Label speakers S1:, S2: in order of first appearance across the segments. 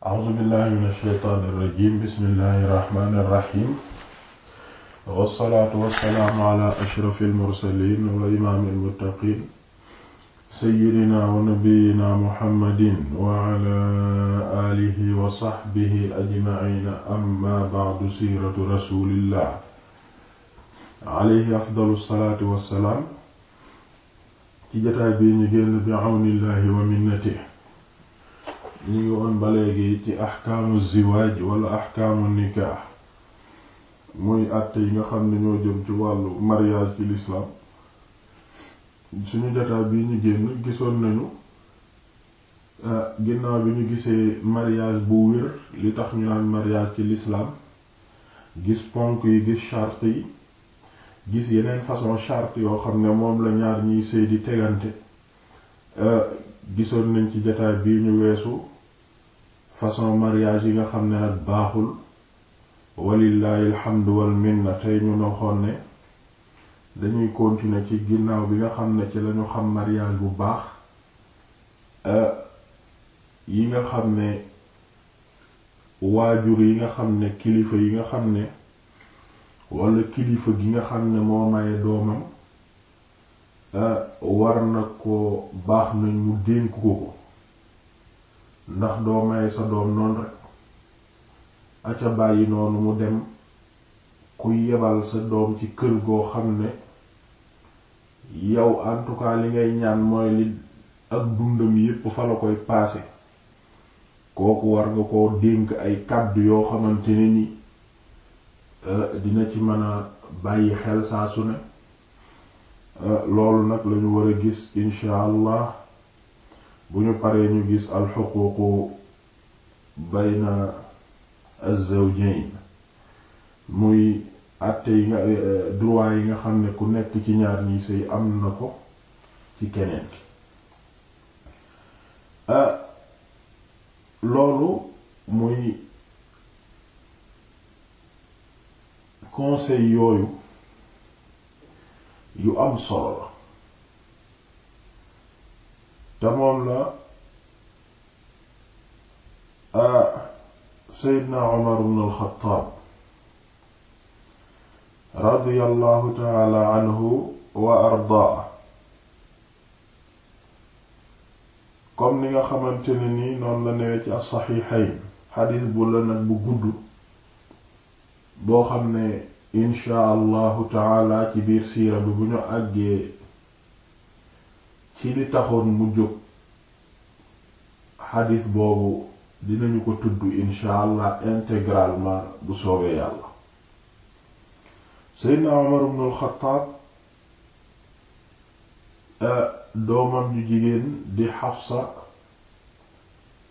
S1: a'uuzu billahi min ash-shaytaani irrajim bismillahi irrahmani irrahim wassalaatu wassalaamu ala ashrafi almursalin wa imaami almuttaqin sayyidina wa nabiyyina muhammadin wa ala alihi wa sahbihi ajmaciin amma ba'du siiratu rasulillah alayhi afdalu salaatu wassalaam ci jataay bii ñu génn bi awnillahi wa minnatihi ñu ngi woon ba léegi ci axkaamu ziwaaj wala axkaamu nikaax muy àtte yi nga xam ne ñoo jëm ci wàllu mariage ci l'islam suñu jotaay bi ñu génn gisoon nañu ah, ginnaaw bi ñu gisee mariage bu wér li tax ñu naan mariage ci l'islam gis ponk yi gis charte yi gis yeneen façon charte yoo xam ne moom la ñaar ñiy sëy di tegante ah, gisoon nañ ci jataay bii ñu weesu façon mariage yi nga xam ne nag baaxul walillahi alhamdu wal tey ñu noxoon ne dañuy continuer ci ginnaaw bi nga xam ne ci lañu xam mariage bu baax euh, yi nga xam ne waajur yi nga xam ne kilifa yi nga xam ne wala kilifa gi nga xam ne moo maye doomam war na ko baax nañ mu dénk ko ko ndax doo may sa doom noonu rek aca bàyyi noonu mu dem ku yebal sa doom ci kër goo xam ne yow en li ngay ñaan mooy li ak dundam yépp fa la koy paase kooku war nga koo dénk ay kàddu yoo xamante ne ni eh, dina ci mën a bàyyi xel saa su Eh, loolu nag lañu war gis incha allah bu ñu paree ñu gis alxuquuqu bayna azzawjayn muy àtte yi nga eh, droit yi nga xam ne ku nekk ci ñaar ñi sëy am na ko ci keneen eh, loolu muy conseil yooyu yu am solo la te moom la Seydina Umar ibn al-Khattab radiyallahu ta'ala anhu wa ardaa comme ni nga xamante ne nii noonu la newee ci as-Sahihayn xadiis bu la nag bu gudd boo xam ne insha allahu taala ci biir siira bi bu ñu àggee ci li taxoon mu jóg xadiis boobu dinañu ko tudd insha allah intégralement bu soobee yàlla seydna Umar ibn al eh, doomam ju jigéen di Xafsa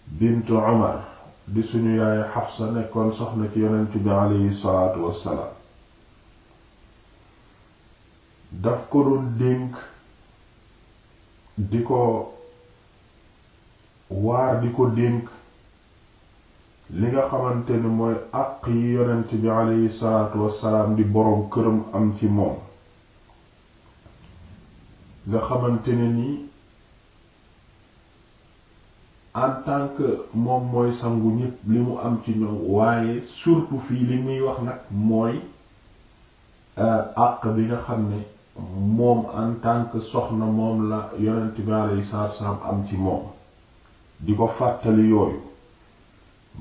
S1: bint Umar di suñu yaay Xafsa nekkoon soxna ci yonent bi aleyhi salaatu wassalaam daf ko doon dénk di ko waar di ko dénk li nga xamante ni mooy àq yi yonent bi aleyhi salaatu wassalaam di boroom këram am ci moom nga xamante ni en tant moom mooy sangu ñépp li mu am ci ñoom waaye surtout fii li muy wax nag mooy euh, àq bi nga xam ne moom en tant que soxna moom la yonent bi alayhi salaatu wasalaam am ci moom di ko fàttali yooyu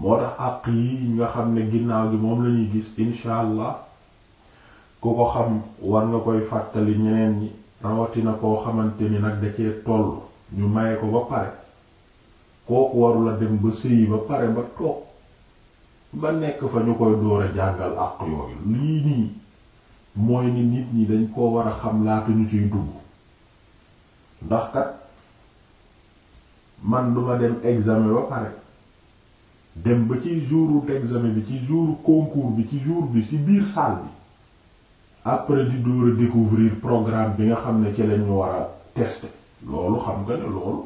S1: moo tax àq yi nga xam ne ginnaaw gi moom lañuy gis incha allah ku ko xam war nga koy fàttali ñeneen ñi rawatina koo xamante ni nag da cee ñu maye ko ba pare kooku warula dem ba sëyi ba pare ba toog ba nekk fa ñu koy door jàngal àq yooyu lii nii mooy ni nit ñi dañ koo war a xam laata ñu ciy dugg ndax kat man duma dem examen ba pare dem ba ci jour examen bi ci jour concours bi ci jour bi ci biir salle bi après di door a découvrir programme bi nga xam ne ci lañu war a tester loolu xam nga ne loolu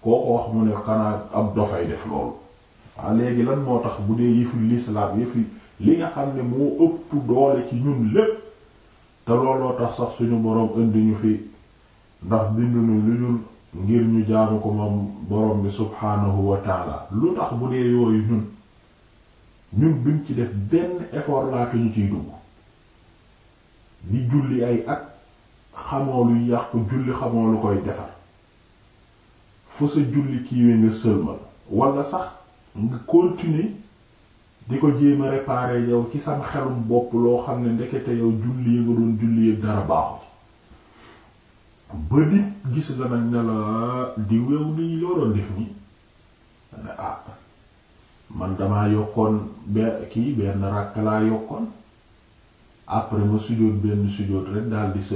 S1: koo ko wax mu ne xanaa ab dofay def loolu waa léegi lan moo tax bu dee yëfi l'islam yëfi li nga xam ne moo ëpp doole ci ñun lépp te looloo tax sax suñu boroom indi ñu fi ndax binduñu lu dul ngir ñu jaamu ko moom boroom bi subhaanahu wa lu tax bu dee yooyu ñun ñun buñ ci def benn effort laata ñu ciy dugg di julli ay at xamoo lu yàqu julli xamoo lu koy defar fu sa julli kiiwee nga sëlmal wala sax nga continuer di ko jéem a réparer yow ci sama xelum bopp loo xam ne ndekete yow julli nga doon julli dara baaxul ba gis la nag ne la di nii ah man damaa yokkoon be kii benn ndax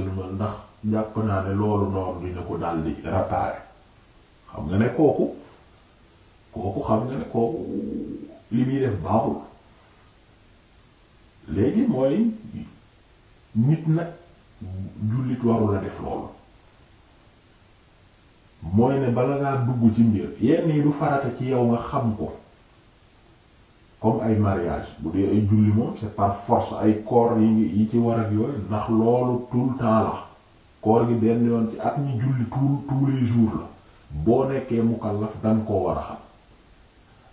S1: jàpp naa ne loolu noonu dina ko daal di réparer xam nga ne kooku kooku xam nga ne kooku li muy def baaxul léegi mooy nit nag jullit warul a def loolu mooy ne bala ngaa dugg ci mbir yenn yi du farata ci yow nga xam ko comme ay mariage bu dee ay julli moom c'est par force ay koor yi ci war ak yooyu ndax loolu tout le temps gi benn yoon ci at mi julli tous tous les jours la boo nekkee mukallaf danga koo war a xam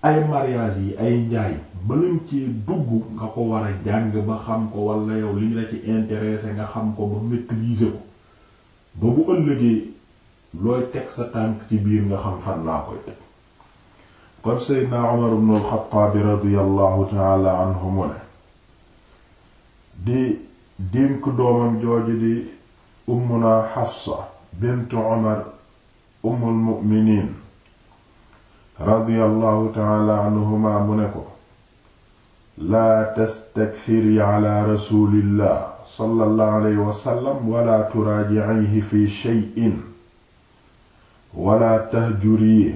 S1: ay mariage yi ay njaay baluñ ci dugg nga ko war a jàng ba xam ko wala yow li la ci intéressé nga xam ko ba maîtriser ko ba bu ëllëgee looy teg sa tànk ci biir nga xam fan laa koy teg kon Seydina Umar ibn al-Khattab radiyallahu ta'ala ne di dénk doomam jooju di ummuna Hafsa bint Umar ummul mu'minin radiyallahu taala anhuma mu ne ko laa tastakthiri ala rasulillah sallallahu alayhi wasallam wala turaaji'ihi fi shay'in wala tahjurihi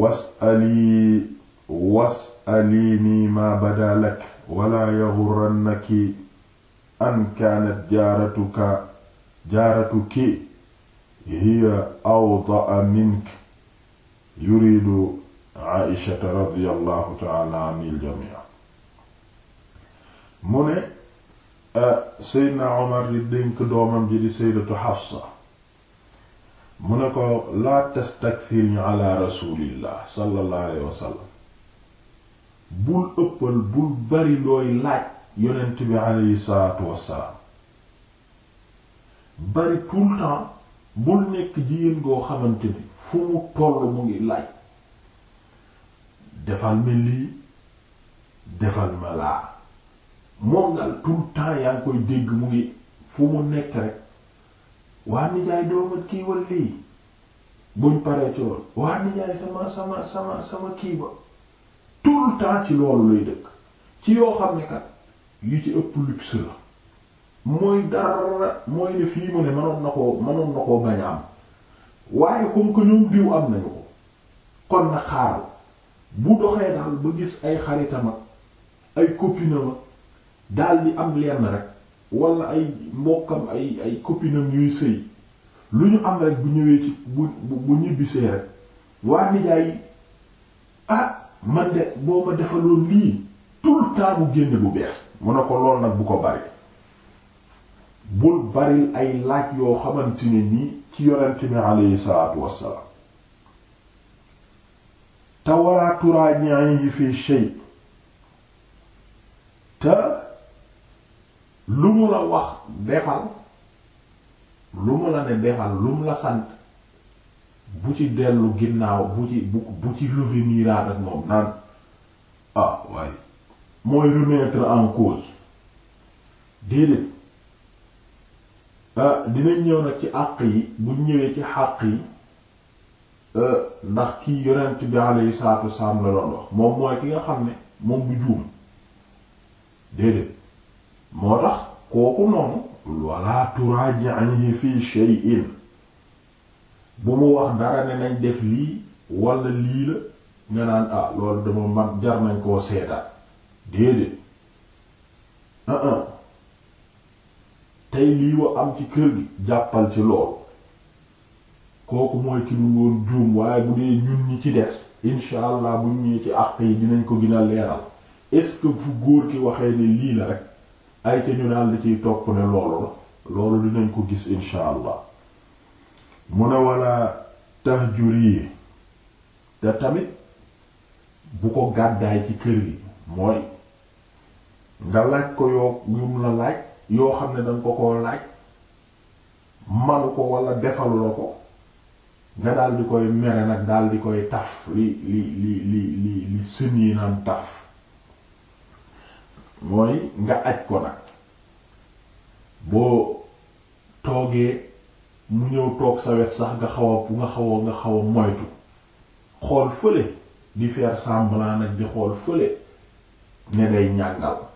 S1: was'ali was'alini ma bada lak wala yaghurrannaki an kaanat jaaratuka jaaratuki hiya awda'a minki yuridu aishata radiallahu taala an iljamia mu ne eh, seydna omar di dénk doomam ji di saydatu xafsa mu ne ko laa tastakthiri ala rasulillah sallallahu alayhi wasallam bul ëppal bul bari looy laaj yonent bi alayhi salaatu wassalaam bari tout temps bul nekk jigéen goo xamante ni fu mu toll mu ngi laaj defal ma lii defal ma laa moom daal tout le yaa ngi koy dégg mu ngi fu mu nekk rek waa nijaay dooma kii wal lii buñ paree ci loolu waa nijaay sama sama sama sama kii ba tout ci loolu lay dëkk ci yoo xam ne kat yu ci ëpp luxe la mooy dara mooy ne fii mu ne mënoon na koo mënoon na koo bañ waaye comme que ñoom diw am nañu ko kon na xaaral bu doxee daal ba gis ay xaritam ak ay copinam ak daal di am leen rek walla ay mbokkam ay ay copinam yuy sëy lu ñu am rek bu ñëwee ci bu bu ñibbisee rek waa nijaay ah man de boo ma defaloon lii tout le temps bu génne bu bees mu ne ko lool nag bu ko bari bul baril ay laaj yoo xamante ne nii ci yonent bi aleyhi salaatu wassalaam te walaa turaaji'ihi fi shay te lu mu la wax defal lu mu la ne defal lu mu la sant bu ci dellu ginnaaw bu ci bu bu ci revenir ak moom naan ah waaye mooy remettre en cause déedéet Ah, dinañ ñëw nag ci àq yi buñ ñëwee ci àq yi ah, ndax ki yonent bi yi salaatu wasalaam la doon wax moom mooy ki nga xam ne moom bu juum déedéet moo tax kooku noonu wala turaaji'anhi fi shay'in bu mu wax dara ne nañ def lii wala lii la nga naan ah loolu dama mag jar nañ koo seetaat déedéet ah ah tey lii wa am ci kër gi jàppal ci loolu kooku mooy ki dul woon juum waaye bu dee ñun ñi ci des incha allah buñ ñëwee ci àq yi dinañ ko gën a leeral est fu góor ki waxee ni lii la rek ay ca ñu naan li ciy topp ne loolu la loolu dinañ ko gis incha allah mu ne walla tahjuri te tamit bu ko gàddaay ci kër gi mooy nga laaj ko yoo yum la laaj yoo xam ne danga ko koo laaj manu ko wala defalu la ko nga daal di koy mere nag daal di koy taf li li li li li li taf mooy nga aj ko nag boo toogee mu ñëw toog sa wet sax nga xaw a nga xaw a nga xaw a moytu xool fële di faire semblant nag di xool fële ne day ñàngal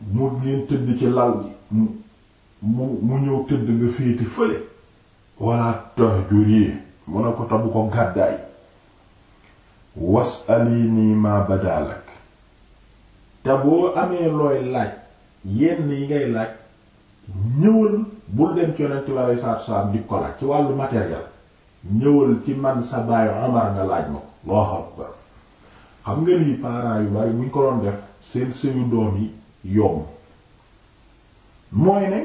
S1: mu ngeen tëdd ci lal bi mu mu ñëw tëdd nga féete fële walla tahjuri mu ne ko ta bu ko gàddaay wasalini ma badalak te boo amee looy laaj yenn yi ngay laaj ñëwal bul dem ci yonent bi alei salatu di ko ci wàllu matériel ñëwal ci man sa baay Omar nga laaj ma ko Allahu xam nga lii parents yu bari buñ ko doon def seen sëyu doom yi yomb mooy ne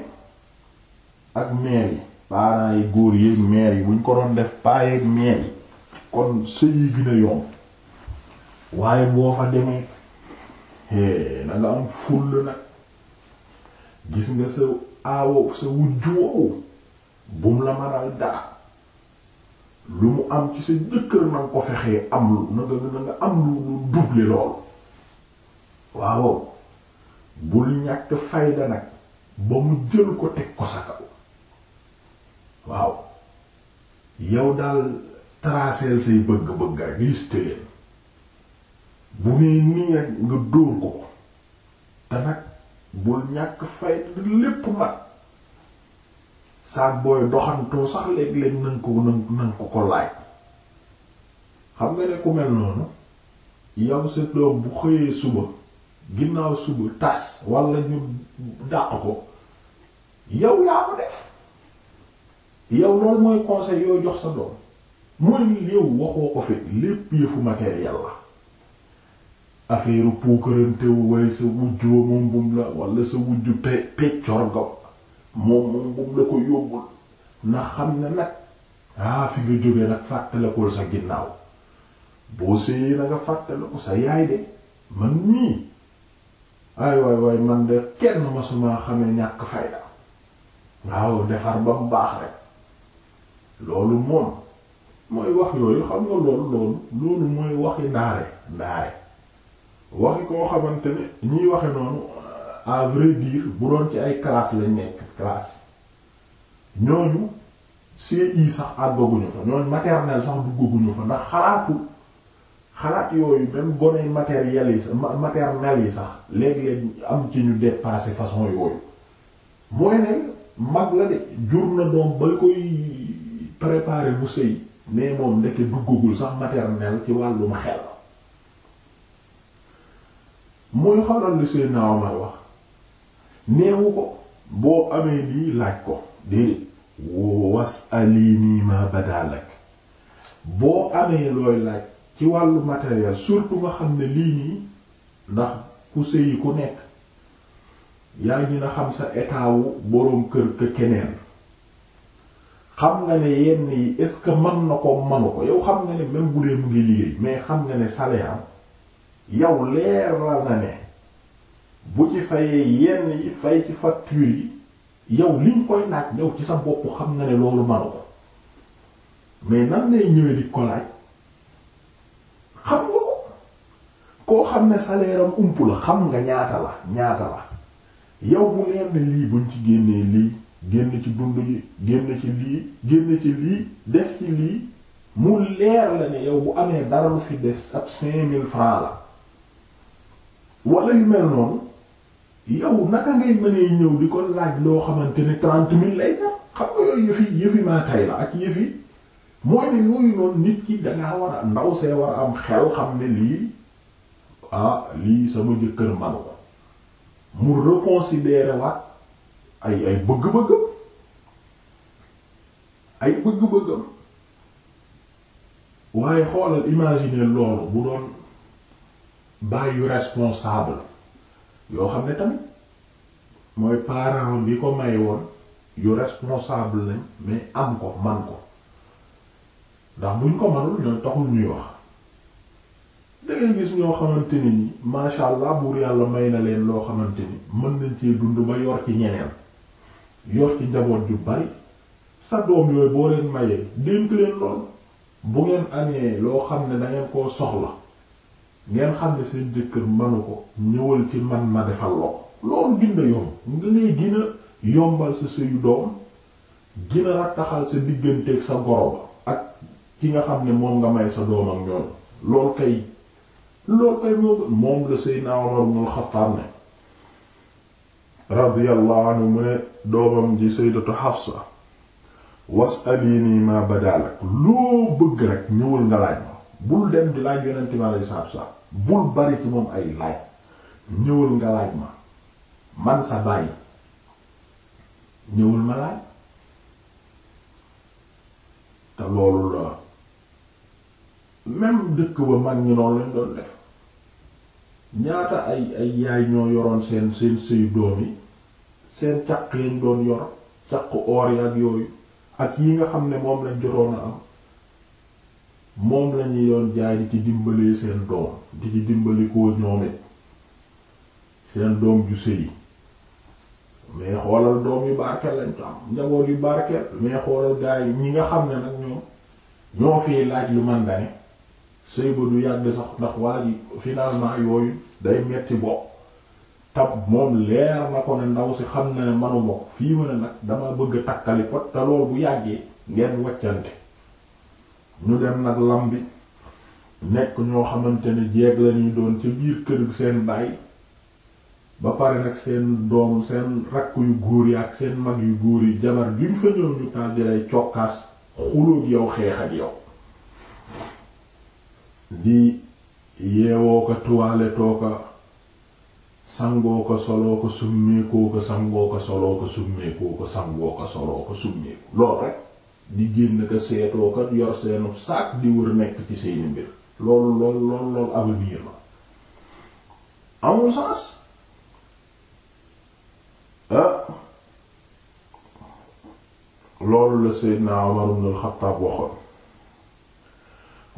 S1: ak mère yi parents yi góor yi mère yi ko doon def paaye ak mère yi kon sëy yi gën a yomb waaye boo fa demee hee am full nag gis nga sa aawo sa wujju woowu bum la mënal dara lu mu am ci sa jëkkër na ko fexee am lu na nga am lu lu double loolu waaw bul ñàkk fayda nag ba mu jël ko teg ko sa kaw waaw yow daal traceel say bëgg-bëgg rek liste leen bu nee nii nga dóor ko te nag bul ñàkk fayda lépp mag saag booy doxantoo sax léeg-léeg nañ ko nañ ko ko laaj xam nga ne ku mel noonu yow sa doom bu xëyee suba ginnaaw suba tas wala ñu dàq ko yow yaa ko def yow loolu mooy conseil yoo jox sa doom mooy yow waxoo ko fi lépp yëfu matériel la affaire puukarante wu waaye sa wujjoo moom bum la wala sa wujju pe peccor ga moom moom bum la ko yóbbul na xam ne nag ah fi nga jógee nag fàttalekul sa ginnaaw boo séyee na nga fàttale sa yaay de man mii waay waay waay man de kenn masuma xamee ñàkk fayda waaw defar ba mu baax rek loolu moom mooy wax yooyu xam nga loolu loolu loolu mooy waxi ndaare ndaare waxi koo xamante ne ñiy waxe noonu à vrai bu doon ci ay classe lañ nekk classe ñooñu CI sax àggaguñu fa ñooñu maternelle sax duggaguñu fa ndax xalaatu xalaat yooyu même gone matériel yi maternel yi sax léeg-léeg am ci ñu dépassé façon yooyu mooy ne mag la de jur na doom ba koy préparer bu sëy mais moom ndeke duggagul sax maternel ci wàllum xel mooy xoolal li seen naaw may wax neewu ko boo amee lii laaj ko déedéet was alii nii ma boo amee looy laaj ci wàllu matériel surtout nga xam ne lii nii ndax ku sëyi ku nekk yaa ngi na xam sa état wu boroom kër ke keneen xam nga ne yenn yi est-ce que mën na ko manu ko yow xam nga ne même bu dee mu ngi liggéey mais xam nga ne salaire yow leer la na ne bu ci fayee yenn yi fay ci facture yi yow liñ koy laaj yow ci sa bopp xam nga ne loolu manu ko mais nan lay ñëwee di ko koo xam ne salaire am ump la xam nga ñaata la ñaata la yow bu leer ne lii buñ ci génnee lii génn ci dund gi génn ci lii génn ci lii def ci lii mu leer la ne yow bu amee dara lu fi des ab cinq mille francs la wala yu mel noonu yow naka ngay mënee ñëw di ko laaj loo xamante ni trente mille lay def xam nga yooyu yëfi yëfi maa tay la ak yëfi mooy ne yooyu noonu nit ki dangaa war a ndaw see war a am xel xam ne lii ah lii sama jëkkër manu ko mu reconsidérer waat ay ay bëgg-bëggam ay bëgg-bëggam waaye xoolal imaginer loolu bu doon bàyyi responsable yoo xam ne tamit mooy parent bi ko may woon yu responsable lañ mais am ko man ko ndax buñ ko manul ñooy taxul ñuy wax da gis ñoo xamante ni masha allah buur yàlla may na leen loo xamante ni mën nañ cee dund ba yor ci ñeneen yor ci njaboot ju bari sa doom yooyu boo leen mayee dénk leen lool bu ngeen amee loo xam ne dangeen koo soxla ngeen xam ne seen jëkkër manu ko ñëwal ci man ma defal loolu gën a yomb nga lay gën yombal sa sëyu doom gën a rattaxal sa digganteeg sa goroba ak ki nga xam ne moom nga may sa doom ak ñoom loolu kay loolu koy moo gën moom la Seydina Umar ibn al-Khattab ne radiyallahu anhu mu ne doomam ji Sayyidatu Hafsa was'alini ma badalak loo bëgg rek ñëwul nga laaj ma bul dem di laaj yonent mi alayhi salaatu salaam bul bari ci moom ay laaj ñëwul nga laaj ma man sa bàyyi ñëwul ma laaj te loolu la même dëkk ba mag ñi noonu lañ doon def ñaata ay ay yaay ñoo yoroon seen seen sëyu doom yi seen caq yañ yor caq oor yi ak yi nga xam ne moom lañ jotoon am moom lañuy doon jaay di ci dimbalee seen doom di ci dimbali koo ñoomit seen doom ju sëyi mais xoolal doom yu barkeel lañ ko am njaboot yu mais xoolal gaa ñi nga xam ne nag ñoom ñoo fi laaj lu man dane sëy ba du yàgg sax ndax waa ji yooyu day metti bopp tab moom leer na ko ne ndaw si xam na ne manu ko fii ma nag dama bëgg a takkali pot te lool bu yàggee ngeen waccante ñu dem nag lam bi nekk ñoo xamante ne jeeg lañuy doon ci biir kër gu seen baay ba pare nag seen doom seen rakk yu góor yi ak seen mag yu góor yi jabar bi mu fa ñu taal di lay cokkaas xuloog yow xeex ak yow di yeewoo ko tuwaletoo ko sangoo ko soloo ko summeekoo ko sangoo ko soloo ko summeekoo ko sangoo ko soloo ko summeeku loolu rek di génn ko seetoo ko yor seenu saak di wër nekk ci seeni mbir loolu lool lool lool avenir la amul sens ah loolu la Seydina Umar ibn al-Khattab waxoon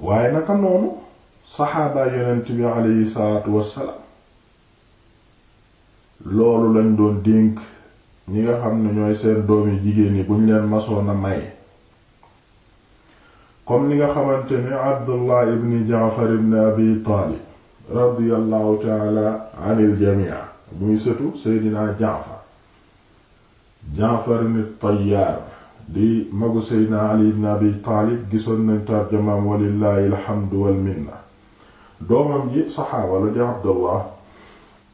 S1: waaye naka noonu saxaabaa yonent bi aleyhi salaatu wassalaam loolu lañ doon dénk ñi nga xam ne ñooy seen doomi jigéen yi buñ leen masoon a maye comme ni nga xamante ni abdullah ibn jaafar ibn abi taalib radiallahu taala anil jamia muy sëtu seydinaa jaafar jaafar ibn di magu seydinaa ali ibn abi taalib gisoon nañ tarjamaam walillahi alhamdu wal minna doomam ji saxaaba la Abdallah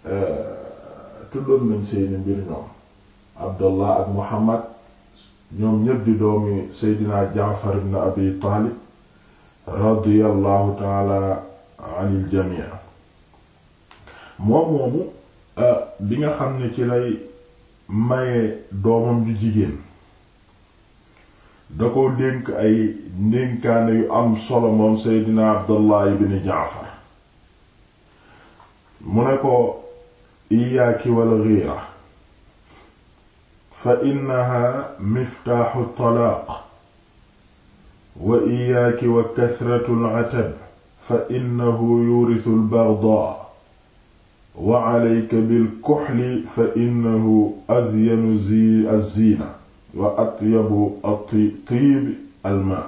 S1: euh, tuddoon nañ seeni mbir ñoom Abdallah ak Muhammad ñoom ñépp di doomi Seydina Jaafar ibn Abi Taalib radiyallahu taala anil jamii moom moomu euh, bi nga xam ne ci lay maye doomam ju jigéen da ko dénk ay ndénkaane yu am solo Seydina Abdallah ibn Jaafar mu ne ko iyaaki wal xiira fa innaha miftaaxu talaaq wa iyaaki wa kasratu latab fa innahu yurisu lbardaa wa alayka bilkuxli fa innahu azyanu zi azziina wa atyabu attiib almaa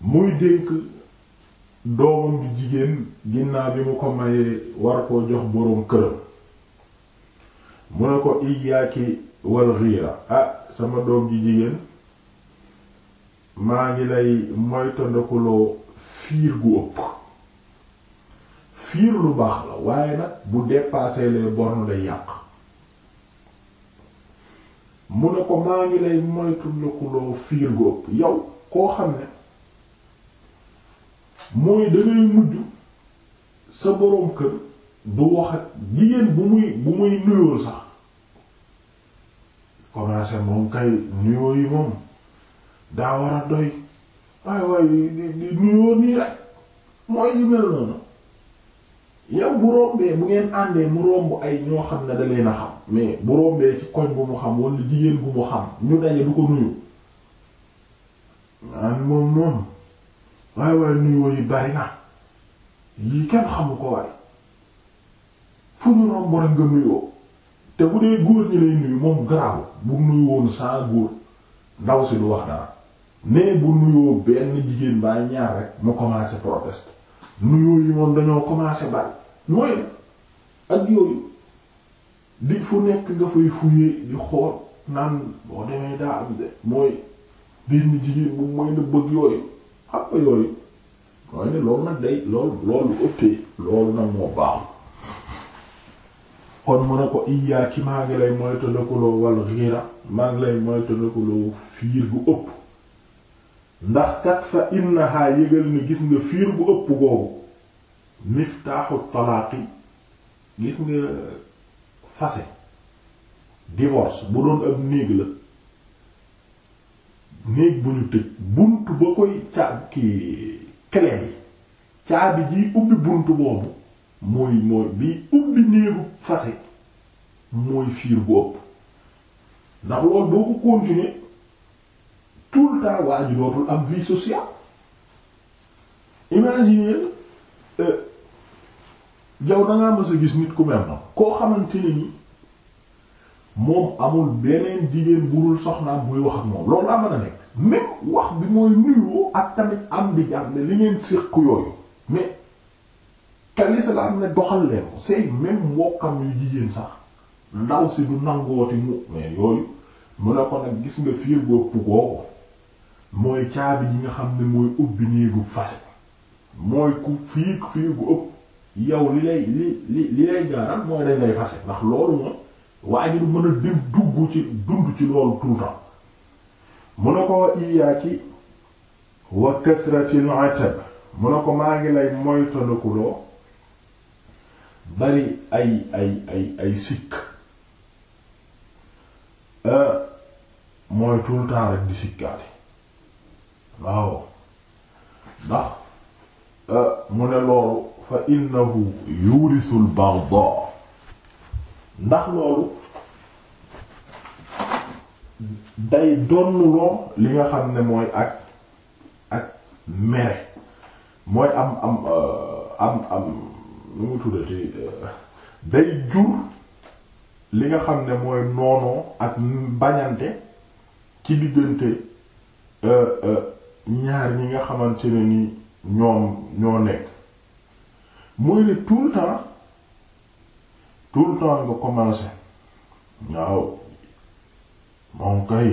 S1: muy dénk doomam bi jigéen ginnaaw bi mu ko mayee war koo jox boroom këram mu ne ko iyyaaki wal xiira ah sama doom ji jigéen maa ngi lay moytandikuloo fiir gu ëpp fiir lu baax la waaye nag bu dépasser les day yàq mu ne ko maa ngi lay moytandikuloo fiir gu ëpp yow koo xam ne mooy dangay mujj sa boroom kër du wax ak jigéen bu muy bu muy nuyool sax commencé moom kay nuyoo yi moom daa war a doy waaye waaye nuyoo nii rek mooy li mel noonu yow bu rombee bu ngeen àndee mu romb ay ñoo xam ne da leen a xam mais bu rombee ci koñ bu mu xam wala jigéen bu mu xam ñu daje du ko nuyu. naan moom moom. waaye waaye nuyoo yi bari na yii kenn xamu ko waaye fu ñu romb rek nga nuyoo te bu dee góor ñi lay nuyu moom garaaw bu nuyu woon sans góor ndaw si du wax bu jigéen baa mu commencé proteste dañoo commencé bari mooy fu nekk nga naan boo demee daa am de mooy benn jigéen bu mooy na bëgg yooyu xam ah, yooyu mooy ne loolu nag day loolu loolu ëppee loolu nag moo baaxul kon mu ne ko iyaa ki maa ngi lay moytandikuloo wal xiira maa ngi lay moytandikuloo fiir bu ëpp ndax kat fa innaha yëgal ni gis nga fiir bu ëpp googu miftaaxu talaaqi gis nga fase divorce bu doon ab néeg la néeg bu ñu tëj bunt ba koy caa ki clé bi caabi ji ubbi bunt boobu mooy mooy bi ubbi néegu fase mooy fiir bu ëpp ndax loolu boo ko continuer tout le temps waa ji am vie sociale imaginez euh, yow da ngaa mës a gis nit ku mel na koo xamante ne moom amul beneen jigéen burul soxnaam buy wax ak moom loolu daa mën nekk même wax bi mooy nuyoo ak tamit am bi jàpp li ngeen séq yooyu mais kalisa la am ne doxal leen ko say même mbokkam yu jigéen sax ndaw si du nangooti mu mais mu ne gis nga fiir boppu googu nga xam ne mooy ubbi néegu fase mooy ku fiir fiir gu ëpp yow li lay li li li lay gaaral mooy dañ lay fase ndax loolu moom waa ji du mën a dim dugg ci dund ci loolu tout mu ne ko iyaaki wa kasratil atab mu ne ko maa ngi lay moytandikuloo bari ay ay ay ay sikk euh, mooy tout le temps rek di sikkaati waaw ndax euh, mu ne loolu fa innahu yurisul baghdha ndax loolu day donnuloo li nga xam ne mooy ak ak mere mooy am am euh, am am nu mu tuddati euh, day jur li nga xam ne mooy noonoo ak bañante ci diggante euh, ñaar ñi nga xamante ne ni ñoom ñoo nekk mooy ne tout le temps tout le temps commencé waaw moom kay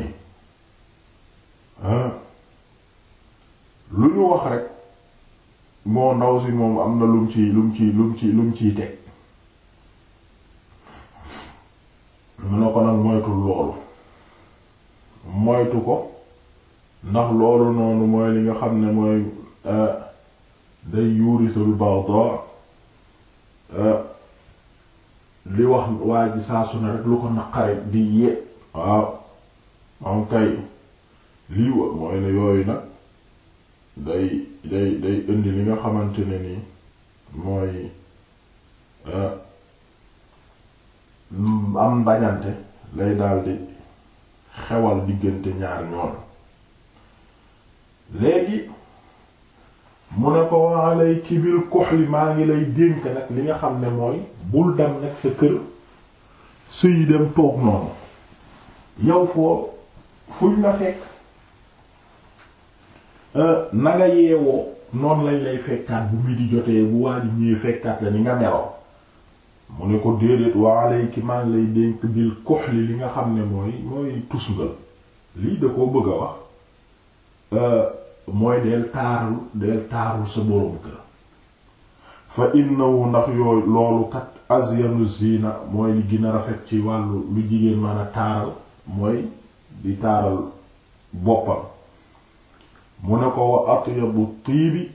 S1: lu ñu wax rek moo ndaw si moom am na lum ci lum ci lum ci lum ci teg mu ne ko nag moytu loolu moytu ko ndax loolu noonu mooy li nga xam ne mooy euh, day yuuritul baax euh, li wax waa ji saa su lu ko naqari di ye waaw moom kay lii wa mooy ne yooyu nag day day day indi li nga xamante ne nii mooy eh, am mbañante lay daldi xewal diggante ñaar ñoon léegi mu ne ko waalay kibir kuxli maa ngi lay dénk nag li nga xam ne mooy bul dem nag sa kër sëyi dem toog noonu yow foo fuñ la fekk euh, na nga yeewoo noonu lañ lay fekkaat bu mi di jotee bu waa ji ñëwee fekkaat la ni nga meroon mu ne ko déedéet waalay ki maa ngi lay dénk bil li nga xam ne mooy mooy tusngal lii da koo bëgg a wax euh, mooy del taarul del taarul sa boroom kër fa innahu ndax yooyu loolu kat azyanu zina mooy li gën rafet ci wàllu lu jigéen mën a taaral mooy di taaral boppam mu ne ko wa atyabu tiibi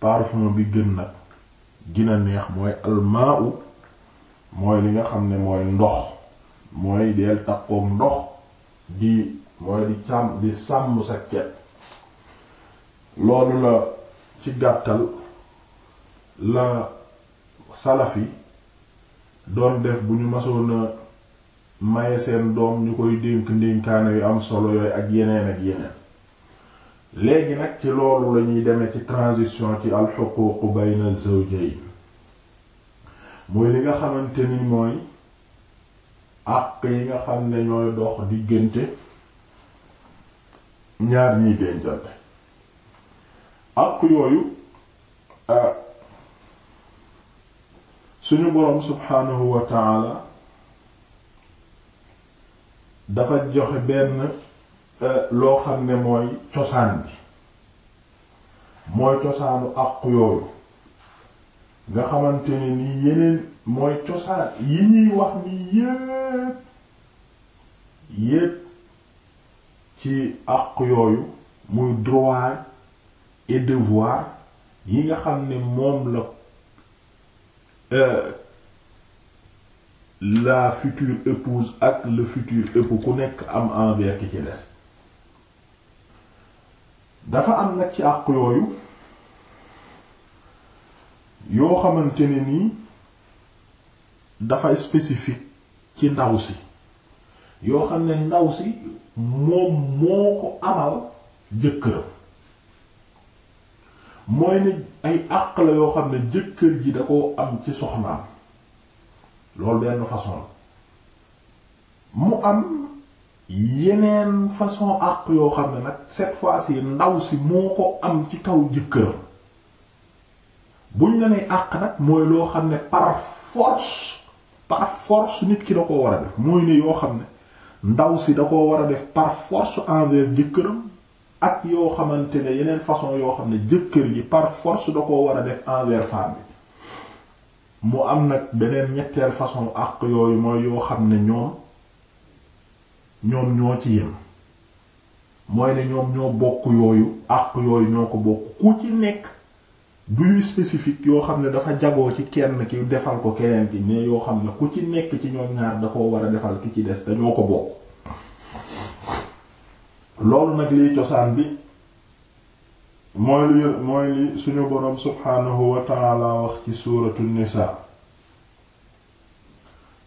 S1: parfum bi gën nag gën neex mooy almaa'u mooy li nga xam ne mooy ndox mooy del takkook ndox di mooy di càmm di sàmm sa cet loolu la ci gàttal la salafi yi doon def bu ñu masoona maye seen doom ñu koy dénk ndénkaane yu am solo yooyu ak yeneen ak yeneen léegi nag ci loolu la ñuy demee ci transition ci alxuququ bayna yi mooy li nga xamante ni mooy àq yi nga xam ne ñooy dox diggante ñaar ñiy dencante àq yooyu suñu boroom subhaanahu wa dafa joxe benn loo xam ne mooy cosaan bi mooy cosaanu àq yooyu nga xamante ni yeneen mooy cosaan yi ñuy wax ni yépp yépp ci àq yooyu muy droit et devoir yi nga xam ne moom la euh, la future épouse ak le futur époux ku nekk am envers ki ci des dafa am nag ci àq yooyu yoo xamante ne nii dafa spécifique ci ndaw si yoo xam ne ndaw si moom moo ko amal jëkkëram mooy ne ay àq la yoo xam ne jëkkër ji da koo am ci soxnaam loolu benn façon la mu am yeneen façon àq yoo xam ne nag cette fois-ci ndaw si moo ko am ci kaw jëkkëram buñ la ne àq nag mooy loo xam ne par force par force nit ki da ko war a def mooy ne yoo xam ne ndaw si da koo war a def par force envers jëkkëram ak yoo xamante ne yeneen façon yoo xam ne jëkkër ji par force da koo war a def envers femme bi mu am nag beneen ñetteel façon ak yooyu mooy yoo xam ne ñoom ñoom ñoo ci yem mooy ne ñoom ñoo bokk yooyu ak yooyu ñoo ko bokk ku ci nekk duyu spécifique yoo xam ne dafa jagoo ci kenn ki defal ko keneen ki ne yoo xam ne ku ci nekk ci ñoom ñaar da koo war a defal ki ci des dañoo ko bokk loolu nag liy cosaan bi mooy li mooy boroom subhaanahu wa taala wax ci suuratu nisaa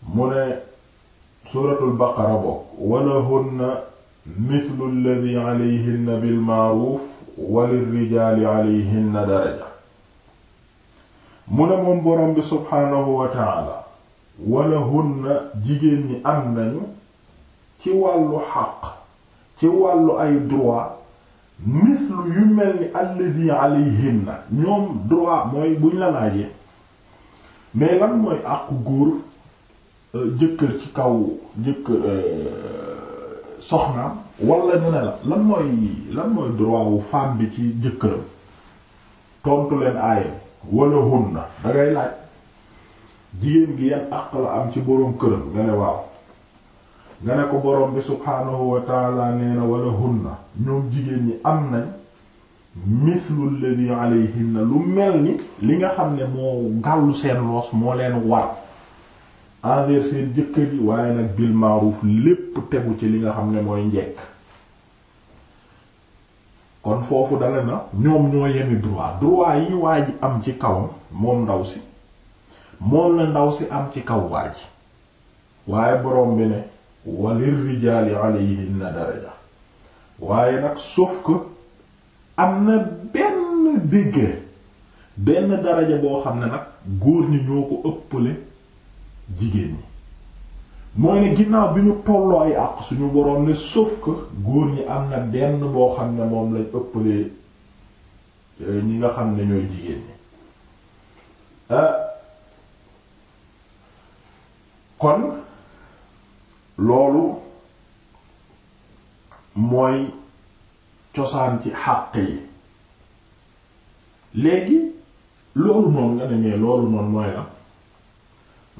S1: mu ne suuratul baqara bokk walahunna mithlu alladhi alayhinna bil ma'ruf daraja mu ne moom boroom bi subhaanahu wa taala walahunna jigéen ñi am nañu ci wàllu ci wàllu ay droit mislu yu mel ni alladhi alayhinna ñoom droit mooy buñ la laajee mais lan mooy àqu góor euh, jëkkër ci kaw jëkkër euh, soxnaam wala ñu ne la lan mooy droit wu femme bi ci jëkkëram tontu leen aayam wala hunna da ngay laaj jigéen gi yan àq la am ci boroom këram nga ne waaw nga ne ko borom bi subhaanahu wa taala nee na wala hunna ñoom jigéen ñi am nañ mislu alladhi alayhinna lu mel ni li nga xam ne moo gàllu seen loos moo leen war envers seen jëkkër yi waaye nag bil ma'ruf lépp tegu ci li nga xam ne mooy njekk kon foofu dale na ñoom ñoo yemi droit droit yi waa am ci kawam moom ndaw si moom la ndaw si am ci kaw waa waaye borom bi ne walir rijaali alayhinna daraja waaye nag sauf que am na benn degré benn daraja boo xam ne nag góor ñi ñoo ko ëppale jigéen ñi mooy ne ginnaaw bi ñu tolloo ay àq suñu boroom ne sauf que góor ñi am na benn boo xam ne moom lañ ëppalee eh, ñi nga xam ne ñooy jigéen ñi eh, kon loolu mooy cosaan ci xàq yi léegi loolu noonu nga ne nee loolu noonu mooy la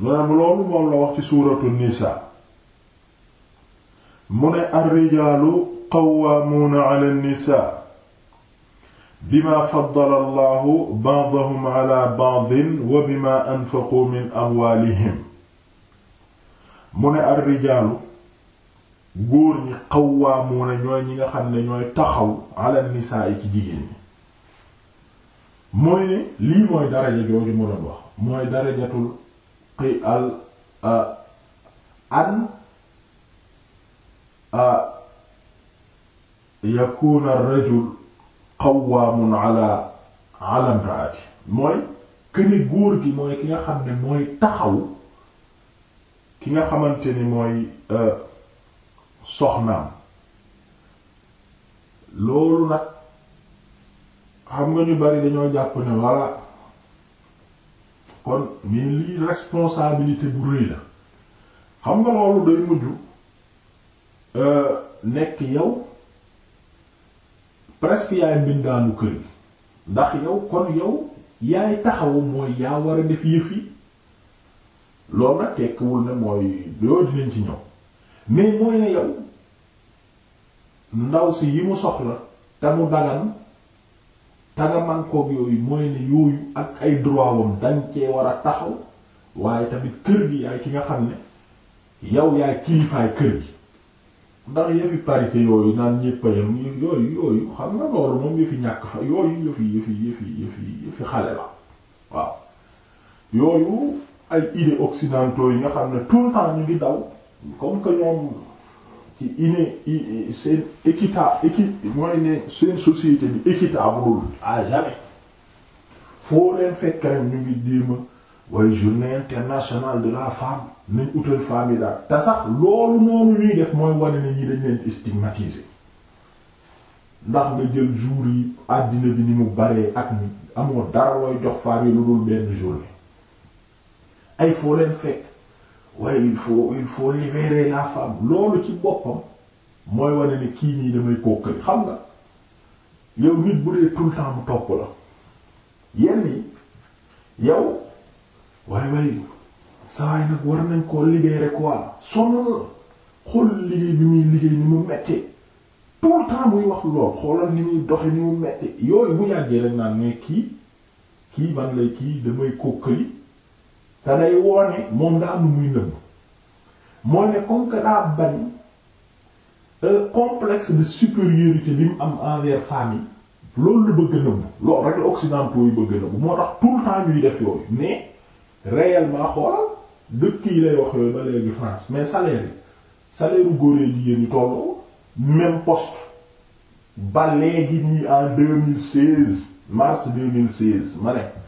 S1: maanaam loolu moom la wax ci suuratu nisa mu ne ar-rijaalu qawwaamuuna ala an-nisaa bima faddala allahu ba'dahum ala ba'din wa bima anfaqu min amwaalihim mu ne ar-rijaalu góor ñi qawwaamuuna ñooy ñi nga xam ne ñooy taxaw ala nisaa yi ci jigéen ñi mooy lii mooy daraja jooju mu doon wax mooy darajatul qi al an yakuuna ar-rajul qawwaamun ala ala imraati mooy këne góor gi mooy ki nga xam ne mooy taxaw ki nga xamante ni mooy euh, soxnaam loolu nag xam nga ñu bari dañoo jàpp ne walla kon mais lii responsabilité bu rëy la xam nga loolu day mujj euh, nekk yow presque yaay mbindaanu kër gi ndax yow kon yow yaay taxawu mooy yaa war a def yëf loolu na tekkiwul ne mooy doo dinañ ci ñëw mais mooy ne yow ndaw si yi mu soxla te mu dagan te yooyu mooy ne yooyu ak ay droit wam dañ war a taxaw waaye tamit kër gi yaay ki nga xam ne yow yaay kilifaay kër gi ndax yëfi parité yooyu naan ñépp yam yooyu yooyu xam nga loolu moom yëfi ñàkk fa yooyu yëfi yëfi yëfi yëfi xale la waaw yooyu ay idées occidentaux yi xam ne tout le temps ñu ngi daw comme que ñoom ci idée seen équita équi mooy ne seen société bi équitable foo leen fekk rek ñu ngi diima waaye journée internationale de la femme nañ utal femme yi daal te sax loolu noonu ñuy def mooy wane ne ñi dañ leen di ndax nga jël jour yi àddina bi ni mu baree ak ni amoo dara looy jox femme yi lu dul benn journée ay foo leen fekk waaye il faut il faut libérer loolu ci boppam mooy wane ne kii nii damay kókkali xam na yow nit bu dee tout temps mu topp la yenn yi yow waaye waaye sawaay nag war nañ koo libérer quoi sonn la xool liggéey bi muy liggéey ni mu metti tout le temps muy wax lool xoolal ni muy doxe ni mu metti yooyu bu yàggee rek naan kii kii ban lay kii damay kókkali te day woone moom daa am muy nëbb mooy ne comme que daa bañ euh, de supériorité bi mu am envers famille loolu la bëgg nëbb loolu rek la occidentaux yi bëgg nëbb moo tax tout le temps ñuy def yooyu mais réellement xoolal dëkk yi lay wax yooyu ba léegi France mais salaire yi salaire u góoree jigéen ñi tolloo même poste ba léegi nii en 2016 ma ne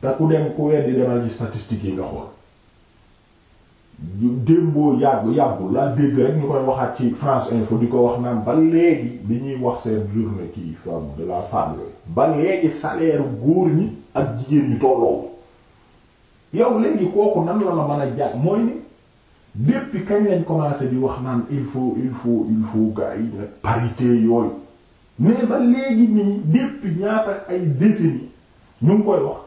S1: te ku dem ku weddi demal ci statistiques yi nga xool démboo yàggu yàggu laa dégg rek ñu koy waxaat ci France Info di ko wax naan ba léegi bi ñuy wax seen journée kii femme de la femme yooyu ba léegi salaire góor ñi ak jigéen ñi tolloo yow léegi kooku nan la la mën a jàpp mooy ni depuis kañ lañ commencé di wax naan il faut il faut il faut gars parité yooyu mais ba léegi nii depuis ñaata ay décennies ñu ngi koy wax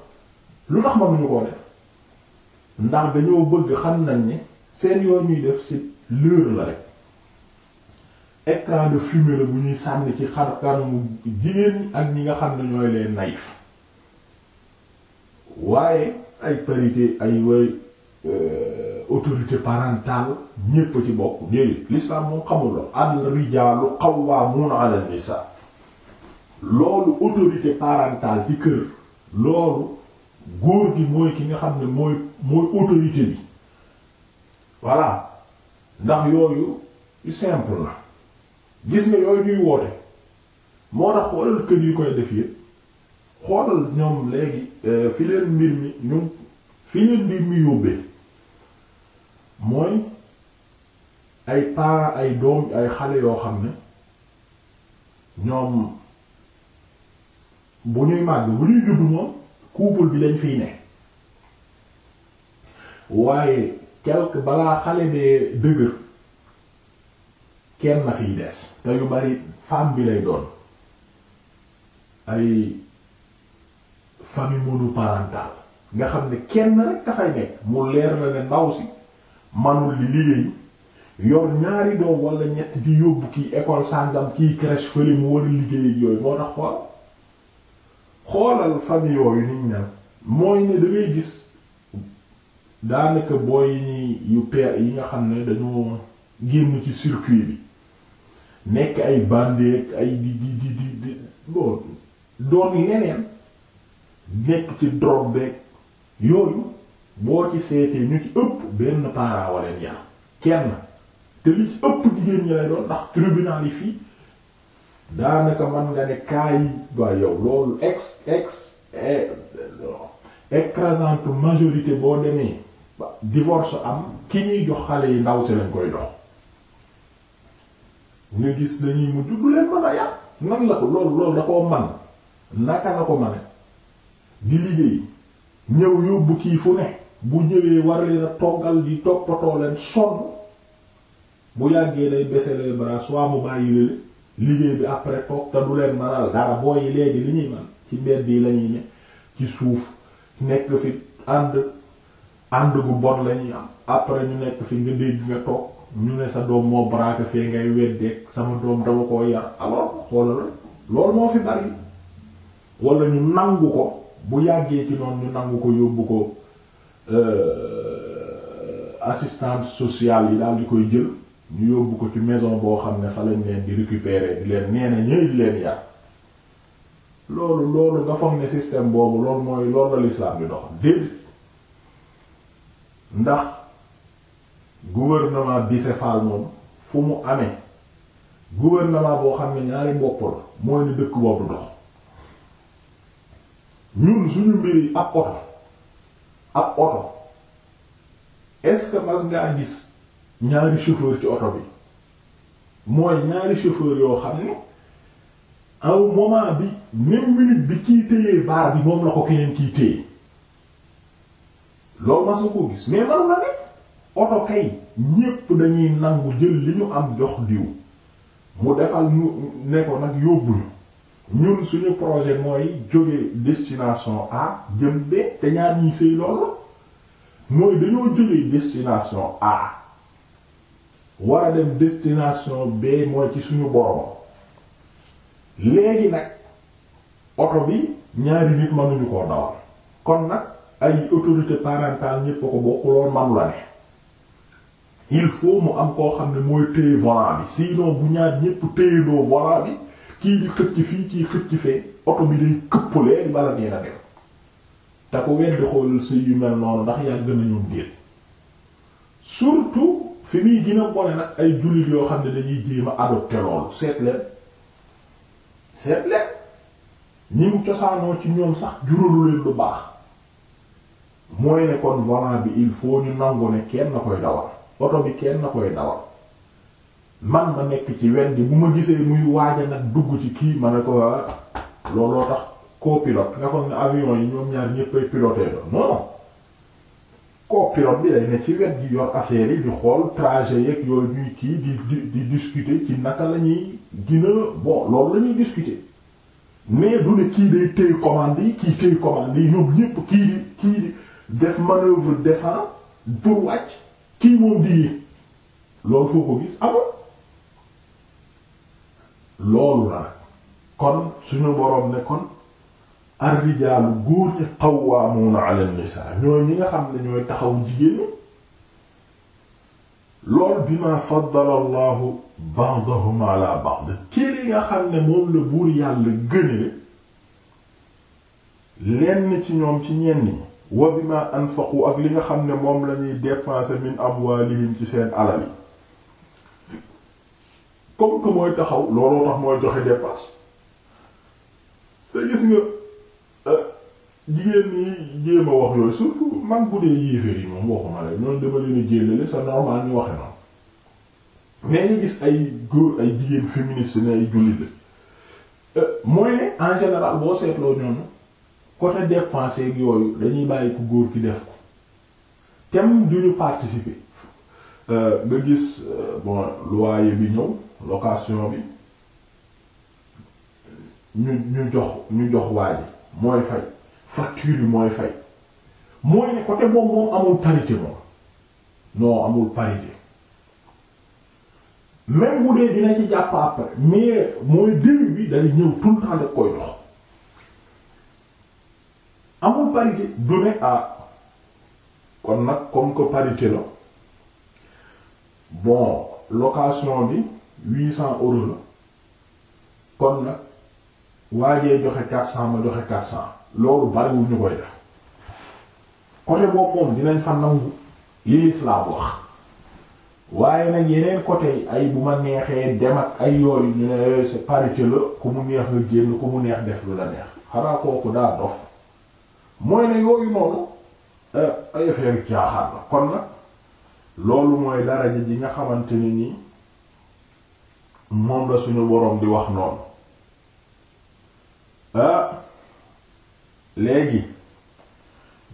S1: lu tax mënuñu koo def ndax dañoo bëgg xam nañ ni seen yoon ñuy def ci leurre la rek écran de fumée la bu ñuy sànni ci xar mu jigéen ñi ak ñi nga xam ne ñooy leen naïf waaye ay parité ay way euh, autorité parentale ñépp ci bokk déedéet l'islam moom xamul la al rijaalu qawwaamuuna ala nisaa loolu autorité parentale ci kër loolu góor gi mooy ki nga xam ne mooy mooy autorité bi voilà ndax yooyu simple na gis nga yooyu ñuy woote moo tax xoolal kër yi koy def yëpp xoolal ñoom léegi euh, fi mbir mi ñu fi leen mbir mi yóbbee mooy ay parents ay doom ay xale yoo xam ne ñoom bu ñuy màgg bu ñuy juddu moom couple bi lañ fiy ne waaye quelque balaa xale bee dëgër kenn na fiy des te yu bari femme bi lay doon ay famille monoparentale nga xam ne kenn rek dafay nekk mu leer na ne ndaw si manul li liggéey yor ñaari doom walla ñett di yóbbu kii école sàngam kii crèche fële mu war a liggéey ak yooyu moo tax xool xoolal famille yooyu niñ naan mooy ne da ngay gis daanaka booy yi yu peer yi nga xam ne dañoo génn ci circuit bi nekk ay bandeek ay di di di di di bon doon leneen nekk ci drogue beeg yooyu boo ci seetee ñu ci ëpp benn parent waleen yar kenn te li ci ëpp jigéen ñi lay doon ndax tribunal yi fii daanaka man nga ne cas yi yow loolu ex ex eh, écrasante majorité boo demee divorce am ki ñuy jox xale yi ndaw si lañ koy dox nga gis dañuy mujj du leen mën a yàq nan la ko loolu loolu da koo man naka na ko mën a di liggéey ñëw yóbbu kii fu ne bu ñëwee war leen a toggal di toppatoo leen sonn yàggee day baisser les bras soit mu bàyyi lële liggéey bi après toog te du leen manal dara booyi léegi li ñuy man ci mbedd yi la ñuy ci suuf nekk fi ànd ànd gu bon la am après ñu nekk fi nga dégg nga toog ñu ne sa doom moo braqué fee ngay weddeek sama doom dama koo yar alors xoolal loolu moo fi bari wala ñu nangu ko bu yàggee ci noonu ñu nangu ko yóbbu ko euh, assistance sociale yi daal di koy jël ñu yóbbu ko ci maison boo xam ne fa lañ leen di récupérer di leen nee ñëw di leen yàq loolu loolu nga foog ne système boobu loolu mooy loolu la l'islam bi dox déedéet ndax gouvernement bicéphale moom fu mu amee gouvernement boo xam ne ñaari bopp la mooy ni dëkk boobu dox ñun suñu mbiri ab oto ab oto est ngaa gis ñaari chauffeur ci oto bi mooy ñaari chauffeur yoo xam ne au moment bi même minute bi kiy téyee baar bi moom la ko keneen kiy téye loolu ma su ko gis mais man la ne oto kay ñépp dañuy nangu jël li ñu am jox diw mu defal ñu ne ko yóbbu ñu ñun suñu projet mooy jóge destination A jëm B te ñaar ñi sëy lool la mooy dañoo jóge destination A war a dem destination bee mooy ci suñu borom léegi nag oto bi ñaari nit mënuñu koo dawal kon nag ay autorité parentale ñépp ko bokkuloon man la ne il faut mu am koo xam ne mooy téye volant bi sinon bu ñaar ñépp téyandoo volant bi kii di xëcc fii kii xëcc fee oto bi day këppalee di bala nee na dem te ko weddi xoolal sëy yu mel noonu ndax yàgg nañu déet surtout fi muy gën bone nag ay jullit yoo xam ne dañuy jéem a adopté loolu seet leen seet cosaanoo ci ñoom sax juralu leen lu baax mooy ne kon bi il faut ñu nangu ne kenn na koy dawal oto bi kenn na koy dawal man ma nekk ci wen bi bu ma gisee muy waaja nag dugg ci kii ma ne ko ah, looloo tax co-pilote nga xam ne avion yi ñoom ñaar ñépp ay piloté do koo pilote bi day ne ci wet gi yor affaire yi xool trajet yeeg yooyu ñuy kii di di di discuter ci naka la ñuy gina loolu la ñuy discuter du ne kii day téye commande yi kii téye commande yi ñoom ñépp kii def manœuvre descend pour wàcc kii moom di yéeg loolu foo ko gis amoon loolu la kon suñu boroom ne kon ar-rijaalu góor ñi qawwaamuuna ala nisaa ñooy ñi nga xam ne ñooy taxaw jigéen ñi bi ma faddala allahu ba'dahum ala ba'd ci li nga xam ne moom la buur yàlla gënale lenn ci ñoom ci ñenn ñi wa bima anfaqu ak li nga xam ne moom lañuy ñuy dépenser min amwaalihim ci seen alal yi comme que taxaw looloo tax mooy joxe dépense te gis nga Euh, jigéen ñi jéem a wax yooyu surtout man bu dee yéeféer yi moom waxuma la noonu dama leen a jéllale c'est normal ñu waxe noonu mais ñu gis ay góor ay jigéen féministe ne ay jullit la euh, mooy ne en général boo seetloo ñoonu côté dépense ak yooyu dañuy bàyyi ku góor ki def ko tem duñu participer euh, nga gis bon loyer bi ñëw location bi ñu ñu jox ñu jox waaji mooy fay facture yi mooy fay mooy ne côté moom amul parité moom non amul parité même bu dina ci jàpp après mais mooy début bi day ñëw tout le temps koy dox amul parité du ne ah kon nag comme que parité la bon location bi huit cents euros la kon nag waajee joxe 400 ma joxe 400 loolu bariwul koy def côté boobu moom dinañ fa nangu li lislaam wax waaye nag yeneen côté yi ay bu ma neexee dem ak ay yooyu ñu ne eh, c'est parité la ku mu neex nga génn ku mu neex def la neex xanaa kooku daa dof mooy ne yooyu noonu eh, ay affaire jaaxaar la kon nag loolu mooy daraja ji nga xamante ni nii moom la suñu boroom di wax noonu ah léegi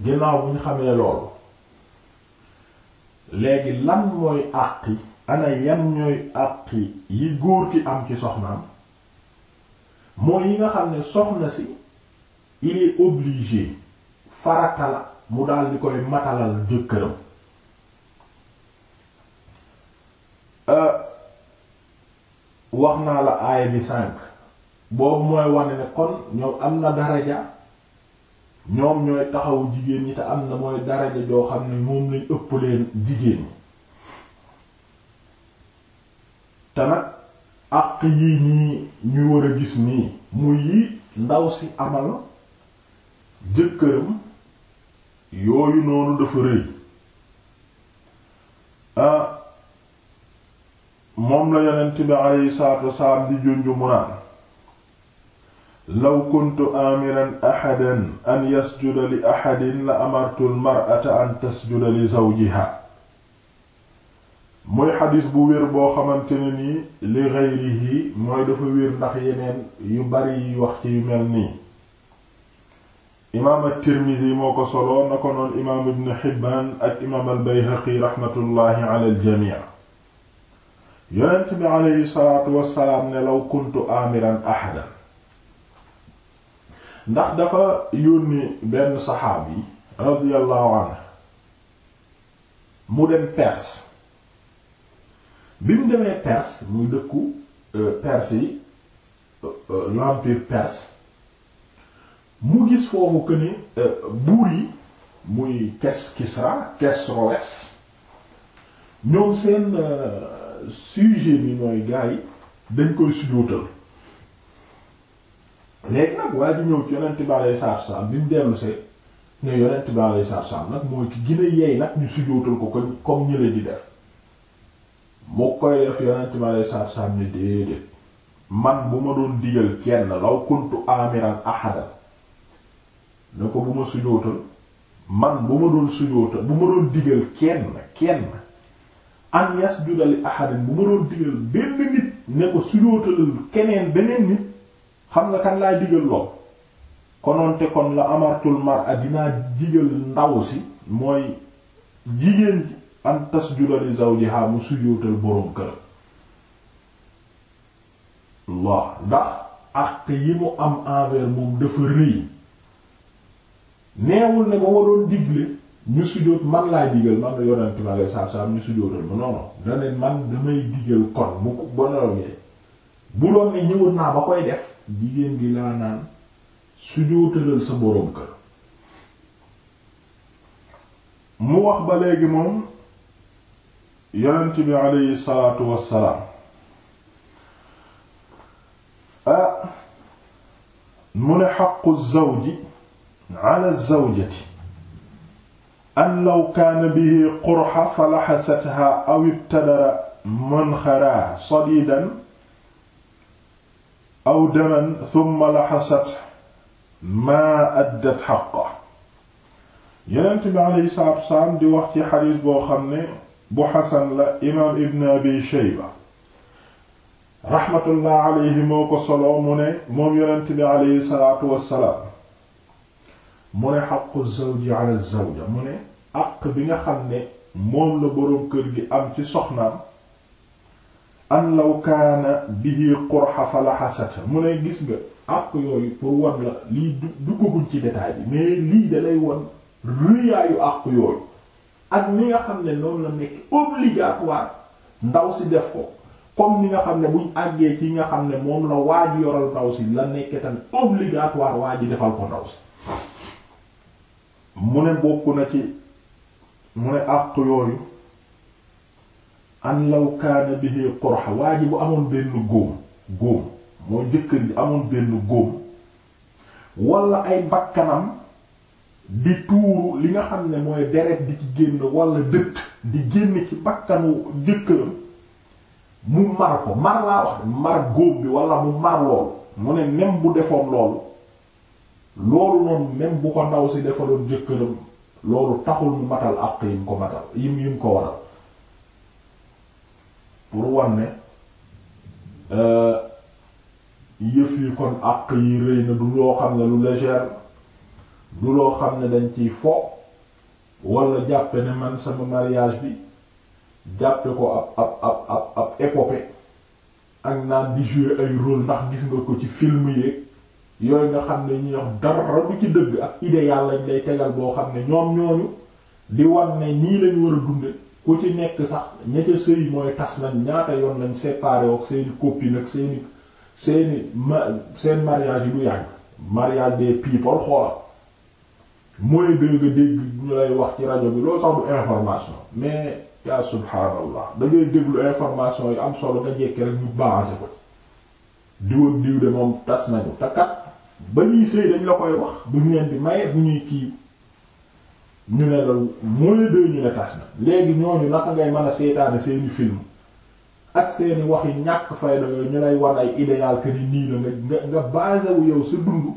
S1: ginnaaw bu ñu xamee loolu léegi lan mooy àqi ana yan ñooy àqi yi góor ki am ci soxnaam mooy yi nga xam ne soxna si il est obligé la mu daal di koy matalal jëkkëram ah, wax naa la aaya bi sànq boobu mooy wane ne kon ñoom am na daraja ñoom ñooy taxawu jigéen ñi te am na mooy daraja joo xam ne moom lañ ëpp leen jigéen te nag àq yii nii ñu war a gis nii mu yi ndaw si amal jëkkëram yooyu noonu dafa rëy ah, moom la yonent bi alayhi salaatu wasalaam di junju mu naan law kuntu aamiran ahadan an yasjuda li ahadin la amartu almar'ata an tasjuda li zawjiha mooy xadis bu wér boo xamante ne nii li geyrihi mooy dafa wér ndax yeneen yu bari yi wax ci yu mel nii imaam at-Tirmidhi moo ko soloo na ko noon imaam ibn Hibbaan ak imaam al-Bayhaqi raxmatullaahi ala al-jamii yonent bi aleyhi salaatu wassalaam ne law kuntu aamiran ahadan ndax dafa yónni benn saxaabi radiyallahu anhu mu dem Perse bi mu demee Perse muy dëkku euh, Perse yi euh, euh, l'empire perse mu gis foofu que ni buur yi muy kes Kisra Kesroes ñoom seen sujet bi mooy gars yi dañ koy sujootal léegi nag waa ji ñëw ci yonent bi alayhi salaatu salaam bi ne yonent bi alayhi salaatu nag mooy ki gën a yeey nag ñu sujootal ko comme comme ñële di def moo koy def yonent bi alayhi salaatu salaam déedéet man bu ma doon digal kenn law kuntu amiran ahadan ne ko bu ma sujootal man bu ma doon sujootal bu ma doon digal kenn kenn an yasjuda li bu ma doon digal benn nit ne ko sujootalal keneen beneen nit xam nga kan laay digal lool konoonte kon la amartul mar'a dinaa digal ndaw si mooy jigéen ji an tasjuda li zawjiha mu sujjóotal boroom këram Allah ndax ak yi mu am envers moom dafa rëy neewul ne ma waroon digle ñu sujjóot man laay digal man la yonent ma ñu sujjóotal ma non non man damay digal kon mu ko bonaloon bu doon ne ñëwoon naa ba koy def jigéen gi laa naan sujjóotalal sa boroom kër mu wax ba léegi moom yonent bi aleyhi salaatu wassalaam ah mu ne xaqu zawji ala zawjati an law kaana bihi qurxa fa laxasatha aw ibtadara manxaraa sadidan aw daman thumma laxasat maa addat xaqa yonent bi aleyhi salaatu wasalaam di wax ci xadiis boo xam ne bu xasan la imaam ibn abi sheyba raxmatullah aleyhi moo ko solo mu ne moom yonent bi aleyhi salaatu wasalaam mu ne xaqu zawji ala zawja mu ne àq bi nga xam ne moom la boroom kër gi am ci soxnaam an law kaana bihi qurha fa la xasata mu ne gis nga àq yooyu pour wan la lii duggaguñ ci détail bi mais lii dalay won ruyaayu àq yooyu ak li nga xam ne noonu la nekk obligatoire ndaw si def ko comme ni nga xam ne buñ àggee ci nga xam ne moom la waaj yoral ndaw si la nekk tamit obligatoire waa ji defal ko ndaw si mu ne bokk na ci mu ne àq yooyu an bi kaana bihi qurha waa ji bu amoon benn góom góom moo jëkkër ji amoon benn góom walla ay bakkanam di tuuru li nga xam ne mooy deret di ci génn wala dëtt di génn ci bakkanu jëkkëram mu mar ko mar laa wax mar góom bi wala mu mar loolu mu ne même bu defoon loolu loolu noonu même bu ko ndaw si defaloon jëkkëram loolu taxul mu matal àq yim ko matal yim yim ko waral pour wan ne euh, yëf yi kon àq yi rëy na du loo xam ne lu légère du loo xam ne dañ ciy fo wala jàppe ne man sama mariage bi jàppe ko ab ab ab ab ab ak naan di jouer ay rôle ndax gis nga ko ci film yeeg yooyu nga xam ne ñuy wax dara du ci dëgg ak idéal lañ lay tegal boo xam ne ñoom ñooñu di wan nii lañ war a dunde ku ci nekk sax ña sëy mooy tas nañ ñaata yoon lañ séparé ak seeni copine ak seeni seeni ma seen mariage yi du yàgg mariage des people xoolal mooy dégg dégg ñu lay wax ci rajo bi loolu sax du information mais ya subhaanallah da déglu information yi am solo nga jekki rek ñu balancé ko diw diw de moom tas nañu te kat ba ñuy sëy dañ la koy wax buñ leen di maye bu ñuy kii ñu ne la mooy deux ñu ne tas na léegi ñooñu naka ngay mën a seetaane seeni film ak seeni waxi ñàkk fayda yooyu ñu lay wan ay idéal que ni nii la nga nga basé wu yow sa dund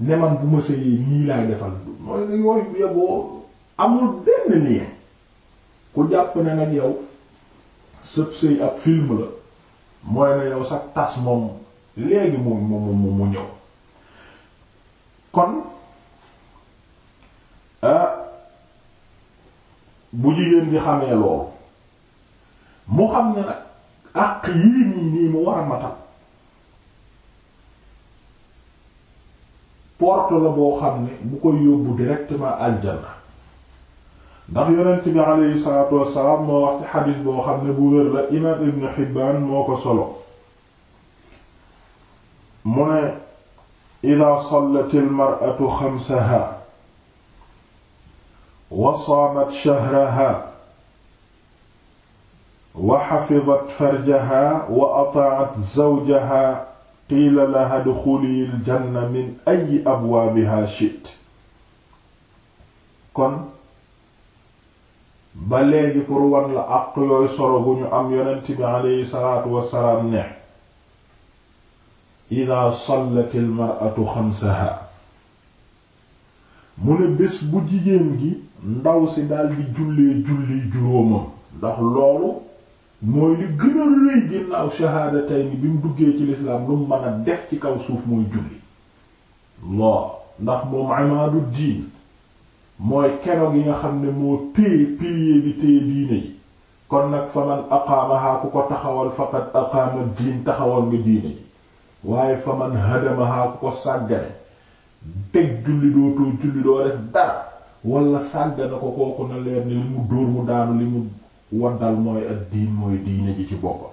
S1: ne man bu ma sëyee nii laay defal mooy yooyu yeboo amul benn lien ku jàpp ne nag yow sëb sëy ab film la mooy na yow sax tas moom léegi moom moom mu ñëw kon Ah, bu jigéen bi xamee loolu mu xam ne nag àq yii nii nii mu war a matal porte la boo xam ne bu koy yóbbu directement aljanna ndax yonent bi alayhi salaatu wassalaam moo wax ci xadis boo xam ne bu wér la imaam ibn Hibbaan moo ko solo mu ne idaa sallat al mar'atu xamsaha wa saamat shahraha wa xafidat farjaha wa ataat zawjaha qiila laha duxuli ljanna min ay abwaabiha shit kon ba léegi pour wan la àq yooyu solo bu ñu am yonent bi aleyhi salaatu wassalaam ne ida sallat almaratu xamsaha mu ne bés bu jigéen gi ndaw si daal di jullee julli juróomam ndax loolu mooy li gën a rëy ginnaaw shahaadatayni bi mu duggee ci lislaam lu mu mën a def ci kaw suuf mooy julli loo ndax moom imaadu diin mooy keroog yi nga xam ne moo téye pilier bi téye diine yi kon nag fa man aqaamahaa ku ko taxawal faqad aqaama diin taxawal nga diine ji waaye fa man hadamahaa ku ko sàggane teg julli dootoo julli doo def dara wala sàggana ko kooku na leer ni li mu dóor mu daanu li mu waddal mooy ak diin mooy diine ji ci boppam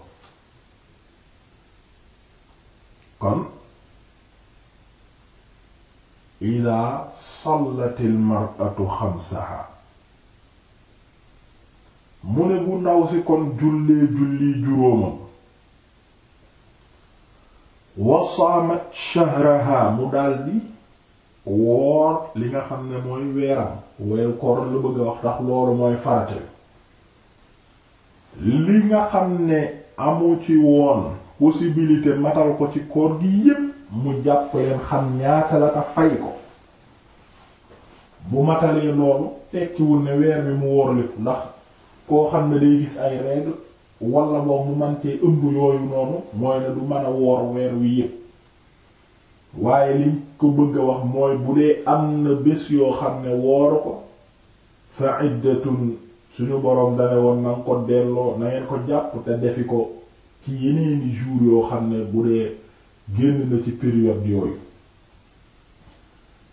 S1: kon ida sallatil mar'atu xamsaha mu ne bu ndaw si kon jullee julli juróomam wa saamat shahraha mu daldi woor li nga xam ne mooy weeram weeru koor lu bëgg wax tax loolu mooy farate li nga xam ne amu ci woon possibilité matal ko ci koor gi yépp mu jàpp leen xam ñaata la ta fay ko bu matalee loolu tekkiwul ne weer bi mu woor lépp ndax koo xam ne day gis ay règle wala boo mu man cee yooyu noonu mooy ne du mën a woor weer wi yépp waaye liñ ko bëgg a wax mooy bu dee am na bés yoo xam ne wooru ko fa iddatun suñu boroom dane woon na ko delloo na ko jàpp te defi ko ci yeneeni jour yoo xam ne bu dee génn na ci période yooyu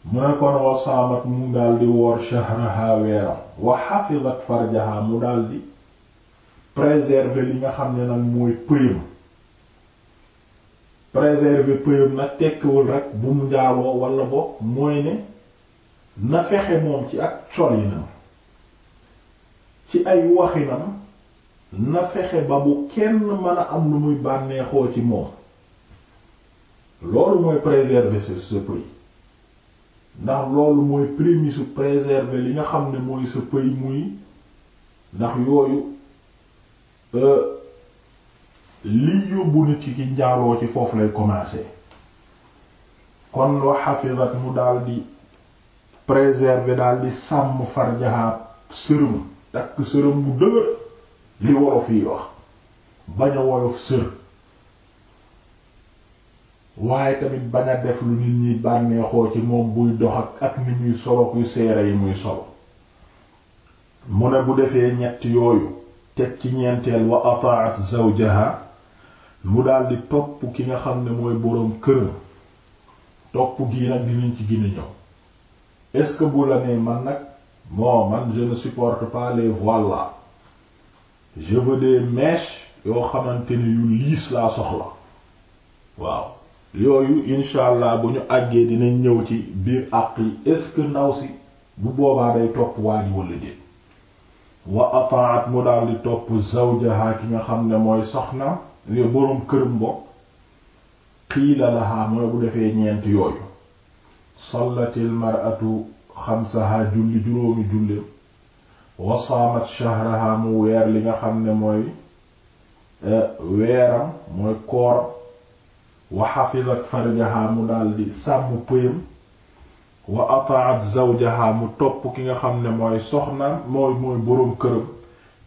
S1: mu ne kon wasaamat dal di woor shahraha weeram wa hafizat farjaha mu daldi préserver li nga xam ne nag mooy pëyam préserver pëyam na tekkiwul rek bu mu njaaloo wala bo mooy ne na fexe moom ci ak colinam ci ay waxinam na fexe ba bu kenn mën a am lu muy bànneexoo ci moom loolu mooy préserver sa sa pëy ndax loolu mooy prémisse su préserver li nga xam ne mooy sa pëy muy ndax yooyu euh, li yóbbu nit ki njaaloo ci foofu lay commencer kon wa xafidat mu daldi di préserver daal di sàmm farjaha sërëm takk sërëm bu dëgër li wolof yi wax bañ a woyof sër waaye tamit bañ a def lu nit ñi bànneexoo ci moom buy dox ak ak ni muy solo kuy seere yi muy solo mu ne bu defee ñett yooyu teg ci ñeenteel wa ataat zawjaha mu daldi topp ki nga xam ne mooy boroom këram topp gii nag dinañ ci gën a ñëw est-ce que bu la nee man nag bon man je supporte pas les voiles là je veux des yoo xamante ne yu liis laa soxla waaw yooyu incha bu ñu àggee dinañ ñëw ci biir àq yi est-ce bu boobaa day topp waa ji walla déet wa ataat mu daldi topp zawjaha ki nga xam ne mooy soxna li boroom këram bokk xiila mooy bu defee ñeent yooyu sallatil mar'atu xamsaha julli juróomi julli wa saamat shahraha mu weer li nga xam ne mooy eh, weeram mooy koor wa xafizat farjaha mu daldi sàmm pëyam wa ataat zawjaha mu topp ki nga xam ne mooy soxna mooy mooy boroom këram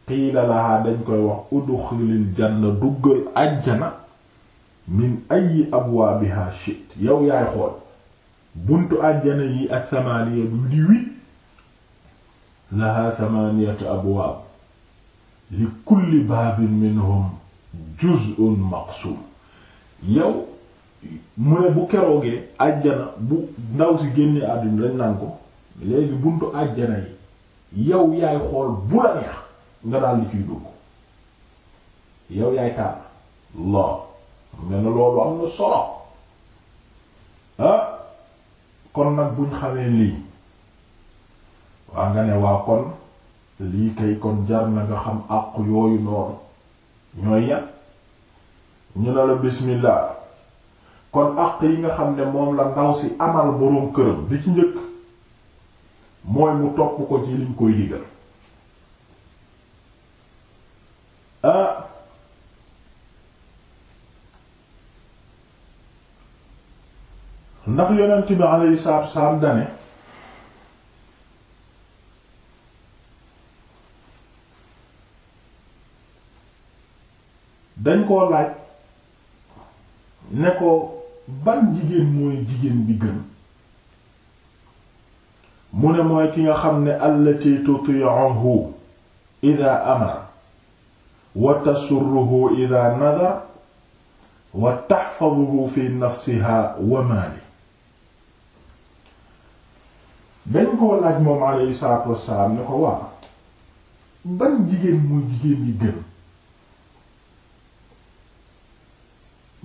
S1: qiila dañ koy wax udxilil janna duggal ajjana min ayi abwaabiha shit yow yaay xool buntu ajjana yi ak samaaniya du di huit lahaa samaaniyatu abwaab li kulli baabin minhum juz'un maqsuum yow mu ne bu keroogee ajjana bu ndaw si génnee àdduna dañ naan ko léegi buntu ajjana yi yow yaay xool bu la nga daal di ciy dugg yow yaay tànn loo nga ne loolu am na solo ah kon nag buñ xamee lii waa nga ne waa kon lii kay kon jar na nga xam àqu yooyu noonu ñooy ya ñu ne la bismillah kon àq yi nga xam ne moom la ndaw si amal boroom këram bi ci njëkk mooy mu topp ko ci liñ koy digal ndax yonent bi alayhi salaatu wasalaam dane dañ koo laaj ne ko ban jigéen mooy jigéen bi gën mu ne mooy ki nga xam ne allati tuti'uhu idha amara wa tasurruhu idha nadara wa tahfazuhu fi nafsiha wa mali benn koo laaj moom alayhi salaatu wassalaam ne ko waa ban jigéen muy jigéen bi gën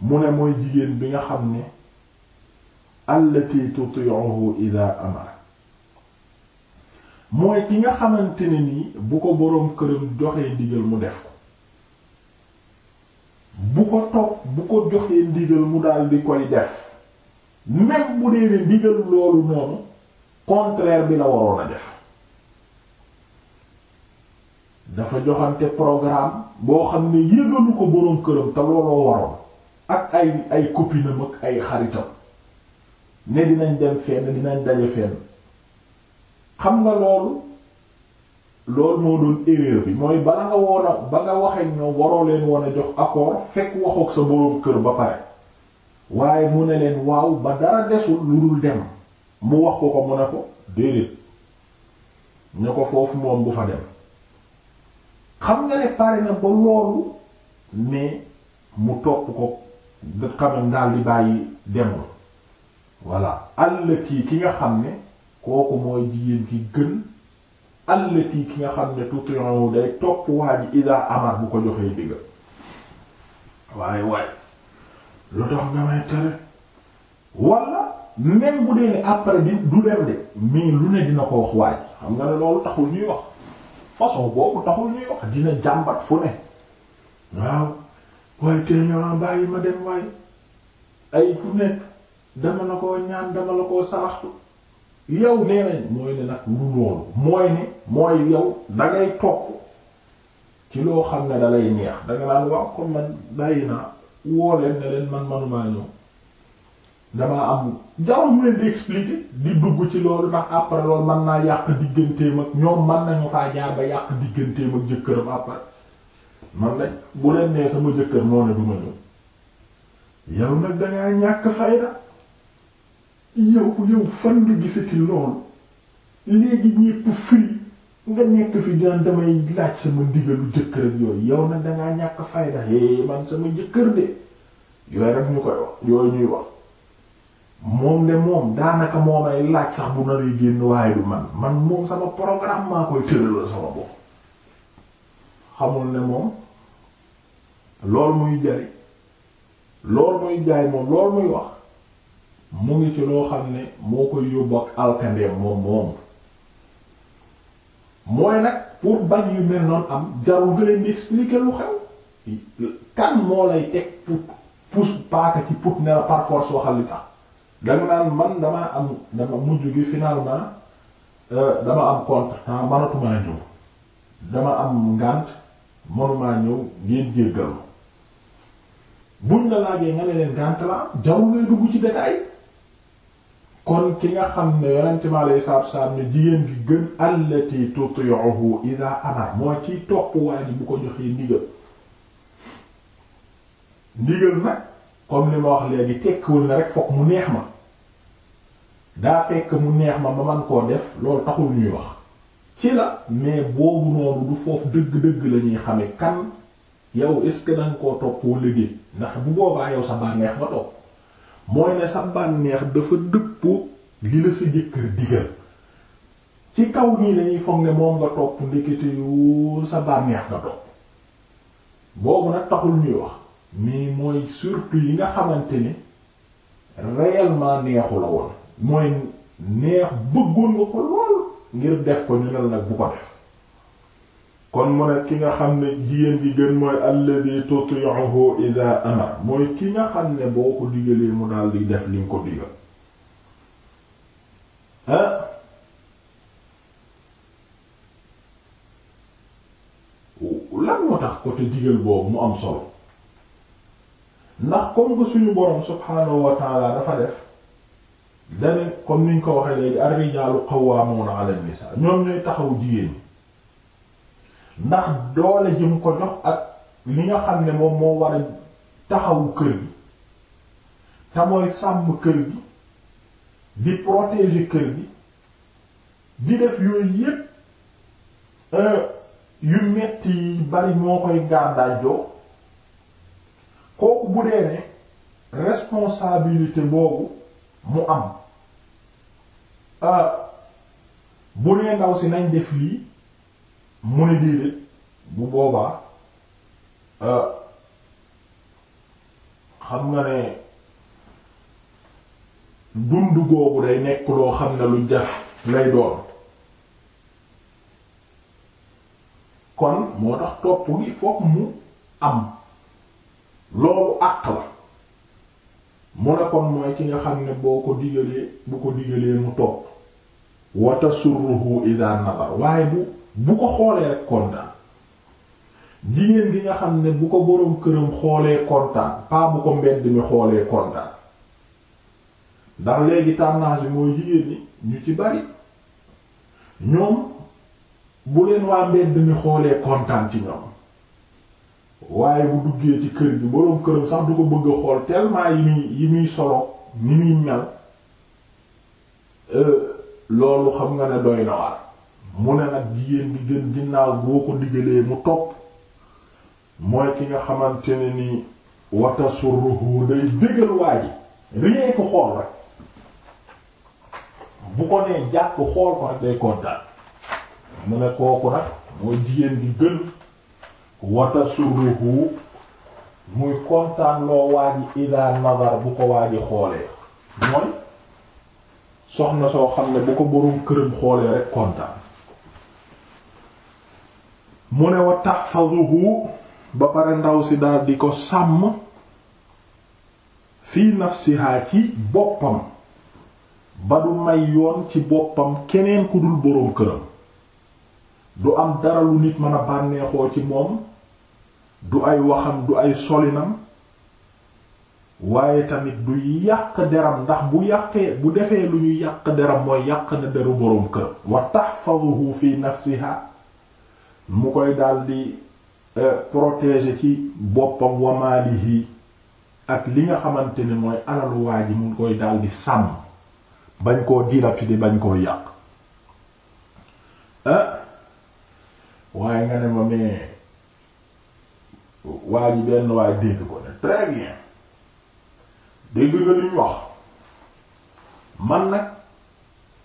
S1: mu ne mooy jigéen bi nga xam ne allati tuti'uhu idha amara mooy ki nga xamante ne nii bu ko boroom këram joxee ndigal mu def ko bu ko topp bu ko joxee ndigal mu daal di koy def même bu dee ne ndigal loolu noonu contraire bi la waroon a def dafa joxante programme boo xam ne yëgalu ko boroom këram te looloo waroon ak ay ay copinam ak ay xaritam ne dinañ dem fenn dinañ daje fenn xam nga loolu loolu moo doon erreur bi mooy bala nga woon ba nga waxee ñoom waroo leen woon a jox accord fekk waxoog sa boroom kër ba pare waaye mu ne leen waaw ba dara desul lu dul dem mu wax ko ko mu ne ko déedéet ñu ko foofu moom bu fa dem xam nga ne pare na ba loolu mais mu topp ko quand même daal di bàyyi demul voilà allati ki nga xam ne kooku mooy jigéen ki gën allati ki nga xam ne tution day topp waa ji ida amar bu ko joxee digga waaye waaye lu tax nga may tere walla même bu dee ne après bi du dem de lu ne dina ko wax waaj xam nga ne loolu taxul ñuy wax façon boobu taxul ñuy wax dina jàmbat fu ne waaw waaye tey ñoo bàyyi ma dem waaye ay ku nekk dama la koo ñaan dama la koo saraxtu yow nee nañ mooy ne nag lu loolu mooy ne mooy yow dangay topp ci loo xam ne dalay neex danga naan waaw kon man bàyyi naa woo leen ne leen man manumaa ñëw damaa am jarul mu leen di expliquer di dugg ci loolu ndax après loolu mën naa yàq digganteem ak ñoom mën nañu faa jaar ba yàq digganteem ak jëkkëram après man nag bu leen nee sama jëkkër moo ne ma ñëw yow ñàkk fayda yow yow fan nga gisati loolu léegi nag dangaa ñàkk fayda hee man sama jëkkër de yooyu rek ñu koy wax yooyu ñuy wax moom de moom daanaka moo may laaj sax bu naree génn waaye du man man moom sama programme maa koy tëralal sama bopp xamul ne moom loolu muy jari loolu muy jaay moom loolu muy wax mu ngi ci loo xam ne moo koy yóbbu ak alkandeem moom moom mooy nag pour bañ yu mel noonu am jarul nga leen expliquer lu xew kan moo lay teg pour pousse paaka ci put ne la par waxal li tax danga naan man damaa am dama mujj gi finalement euh, dama am contretemps manatumaa ñëw dama am ngànt manumaa ñëw ngeen jéggal buñ la laajee nga ne leen ngànt la jaw ngay dugg ci détail kon ki nga xam ne yonente mi aleyi salatuwasalaam ne jigéen gi gën allati tuti'uhu idha amar mooy ciy topp waa bu ko joxee ndigal ndigal nag comme li ma wax léegi tekkiwul na rek fokk mu neex ma daa fekk mu neex ma ba man koo def loolu taxul ñuy wax ci la mais boobu noonu du foofu dëgg-dëgg la ñuy xame kan yow est ce que danga koo toppoo liggéey ndax bu boobaa yow sa bànneex ba topp mooy ne sa bànneex dafa dëppoo li la sa jëkkër digal ci kaw nii lañuy foog moom nga topp ndekete yu sa bànneex nga topp boobu nag taxul ñuy wax mais mooy surtout yi nga xamante ne réellement neexu la woon mooy neex bëggoon nga ko lool ngir def ko ñu nel nag bu ko def kon mu ne ki nga xam ne jigéen gi gën mooy alladhi tuti'uhu idha amar mooy ki nga xam ne boo ko digalee mu daal di def li nga ko digal ah lan moo tax côté digal boobu mu am solo ndax comme que suñu borom subhaanahu wa dafa def dane comme niñ ko waxee léegi ar-rijaalu qawwaamuuna 'ala an-nisaa ñoom ñooy taxaw jigéen ñi ndax doole ji mu ko jox ak li nga xam ne moom moo war a taxawu kër gi te mooy sàmm kër gi di protéger kër gi di def yooyu yépp euh, yu metti yi bari moo koy gàddaajoo kooku bu dee ne responsabilité boobu mu am euh, bu nee ndaw si nañ def lii mu ne déedéet bu boobaa euh, xam nga ne dund googu day nekk xam ne lu jafe lay doon kon moo tax topp gi fokk mu am loolu àq la mu ne kon mooy ki nga xam ne boo ko digalee bu ko digalee mu topp wata surruhu ida waaye bu bu ko xoolee rek kontaan jigéen gi nga xam ne bu ko boroom këram xoolee kontaan pas bu ko mbedd mi xoolee kontaan ndax léegi tendance bi mooy jigéen ñi ñu ci bari ñoom bu leen waa mbedd mi xoolee kontaan ci ñoom waaye bu duggee ci kër gi boroom këram sax du ko bëgg a xool tellement yi muy yi muy solo ni muy mel euh, loolu xam nga ne doy na mu ne nag jigéen bi gën ginnaaw boo ko digalee mu topp mooy ki nga xamante ne ni watasurruhu day dëggal waa ji rien xool rek bu ko nee jàpp xool ko rek day kontaan mu ne kooku nag mooy jigéen bi gën wata surruhu muy kontaan loo waaji ida nazar bu ko waaji xoolee mooy soxna soo xam ne bu ko boroom këram xoolee rek kontaan mu ne wa tahfazuhu ba pare ndaw si daal di ko sàmm fii nafsiha ci boppam ba du may yoon ci boppam keneen ku dul boroom këram du am dara lu nit mën a bànneexoo ci moom du ay waxam du ay solinam waaye tamit du yàq deram ndax bu yàqee bu defee lu ñu yàq deram mooy yàq na deru boroom kër wa wu fi nafsiha mu koy di e, protéger ci boppam wa maalihi ak li nga xamante ne mooy alalu waa ji mu koy daldi sàmm bañ koo dilapidé bañ koo yàq ah waaye nga ne ma waa ji benn waaye dégg ko ne très bien dégg nga luñ wax man nag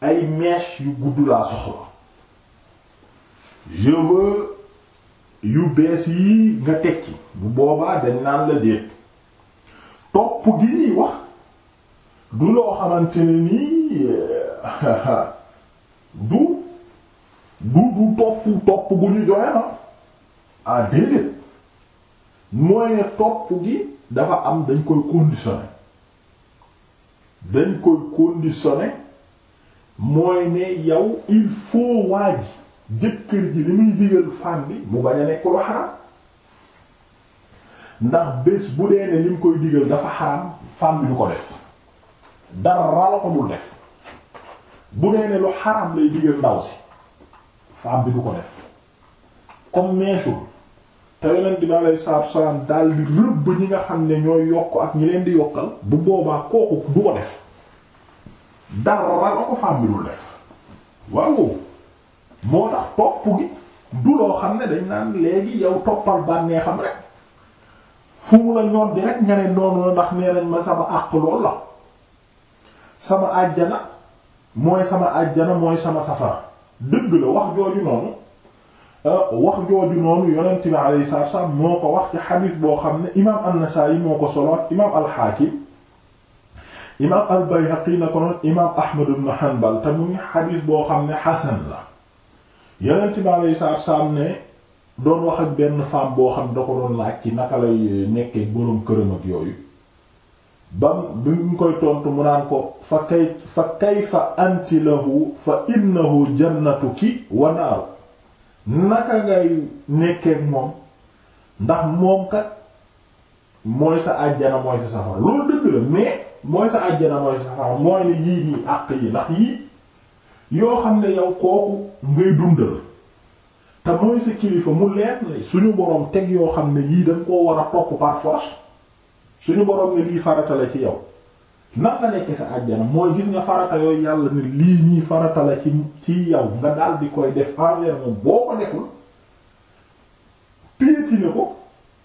S1: ay mèches yu gudd laa soxla je yu bees yi nga teg ci bu boobaa dañ naan la topp gi ñuy wax du loo xamante nii du du topp topp bu ñu joxe ma ah, ah déedéet mooy ne topp gi dafa am dañ koy conditionné dañ koy conditionné mooy ne yow il faut waa ji jëkkër ji li muy digal femme bi mu bañ a nekk lu xaram ndax bés bu dee ne li mu koy digal dafa xaram femme bi du ko def dara la def bu dee ne lu xaram lay digal ndaw si femme bi du ko def comme meesul te bi alayhi salaatu salaam daal di rëbb nga xam ne ñooy yokk ak ñi leen di yokkal bu boobaa kooku du ne dañ naan léegi yow toppal bànnee xam rek fu mu la ñoon ndax nee ma sama àq lool la sama àjjana mooy sama àjjana mooy sama safara dëgg la wax jooju noonu Euh, wax jooju noonu yonent bi alayhi salaatu wasallam moo ko wax ci xadiis boo xam ne imaam an-Nasaa'i moo ko solo imaam al-Haakim imaam al-Bayhaqi na ko noonu imaam Ahmad ibn Hanbal te muy xadiis boo xam ne xasan la yonent bi alayhi salaatu wasallam ne doon wax ak benn femme boo xam da ko doon laaj ci naka lay nekkee boroom këram yooyu bam bi mu koy tontu mu naan ko fa kay fa kayfa anti lahu fa innahu jannatuki wa naaru naka ngay nekkeek moom ndax moom kat mooy sa àjjana mooy sa safara loolu dëgg la mais mooy sa àjjana mooy safara mooy ne yii nii àq yi ndax yii yoo xam ne yow kooku ngay dundal te mooy sa kilifa mu leer na suñu boroom teg yoo xam ne yii danga koo war a topp par suñu boroom ne lii farata la ci yow nan la nekk sa àjjana mooy gis nga farata yooyu yàlla ni lii ñuy farata la ci ci yow nga daal di koy def envers moom boo ko deful piétiner ko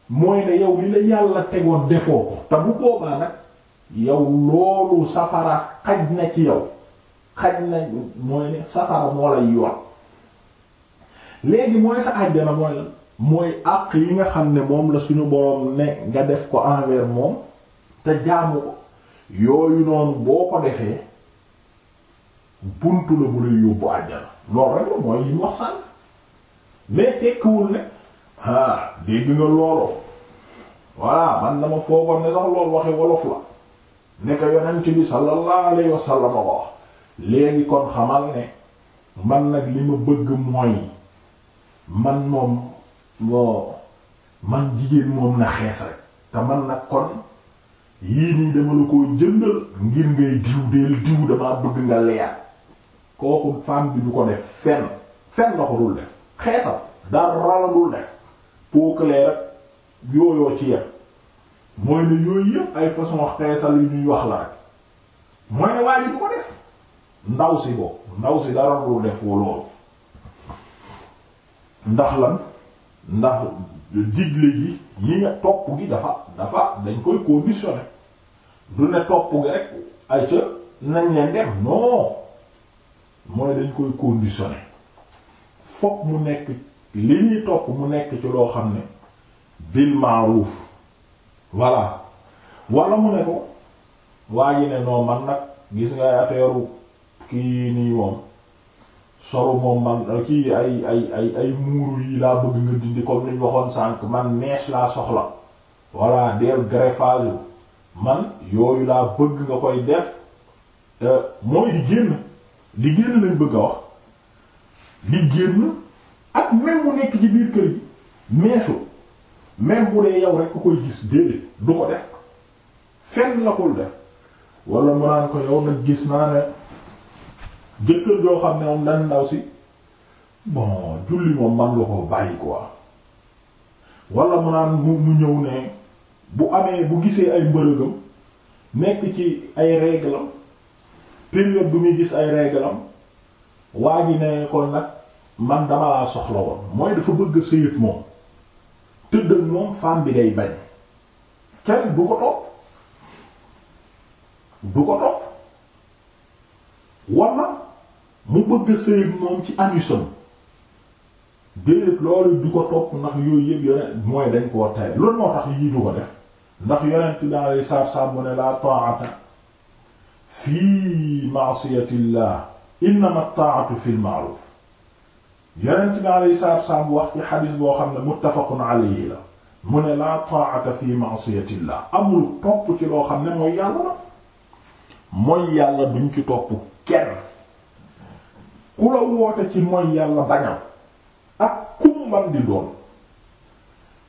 S1: mooy ne yow li la yàlla tegoon defoo ko te bu boobaa nag yow loolu safara xaj na ci yow xaj na mooy ne safara moo lay yor léegi mooy sa àjjana mooy àq yi nga xam ne moom la suñu boroom ne nga def ko envers moom te jaamu ko yooyu noonu boo ko defee buntu la bu lay yóbbu àjjana loolu rek mooy yi mu wax sànn mais tekkiwul ne ah dégg nga looloo voilà man dama foogoon ne sax loolu waxe wolof la nekk yonent bi sallallahu alayhi wa wax léegi kon xamal ne man nag li ma bëgg mooy man moom bon man jigéen moom na xees rek te man nag kon. yii nii dama la koo jëndal ngir ngay diw diw damaa bëgg nga leer kooku femme bi du ko def fenn fenn la ko dul def xeesal dara la dul def pour que yooyoo ci yem mooy ne yooyu yëpp ay façon xeesal yu ñuy wax la rek mooy ne waaye du ko def ndaw si boobu ndaw si dara dul def woo loolu ndax lan ndax digle gi yi nga topp gi dafa dafa dañ koy conditionné du ne topp gi rek ay ca nañ leen dem non mooy dañ koy conditionné fokk mu nekk li ñuy topp mu nekk ci loo xam ne bil ma'ruf voilà wala mu ne ko waa ji ne non nag gis nga affaire kii nii moom solu moom man euh, kii ay ay ay muuru yi laa bëgg nga dindi comme niñ waxoon sànq man mèche laa soxla voilà del greffage man yooyu laa bëgg nga koy def euh, mooy di génn di génn lañ bëgg a wax di génn ak même mu nekk ci biir kër gi meesu même bu dee yow rek ku koy gis déedéet du ko def fenn la ko def wala mu naan ko yow nag gis naa ne jëkkër joo xam ne moom dañ ndaw si bon julli moom man nga koo bàyyi quoi mu naan mu mu ñëw ne bu amee bu gisee ay mbërëgam nekk ci ay réglam période bu muy gis ay réglam waa ji ne kon nag man dama laa soxla woon mooy dafa bëgg sëyët moom tëdd moom femme bi day bañ kenn du ko topp du ko topp war mu bëgg sëy moom ci anusom déedéet loolu du ko topp ndax yooyu yëpp yonent mooy dañ koo tay loolu moo tax yii du ko def ndax yonent daal di saab-saab mu laa ta'ata fii ma'siyatillah innama ta'atu fil ma'ruf yonent daal di saab boo xam ne muttafaqun alayhi la mu ne laa ta'ata amul topp ci loo xam ne mooy yàlla la mooy yàlla duñ ci topp ku la woote ci mooy yàlla bañal ak kum man di doon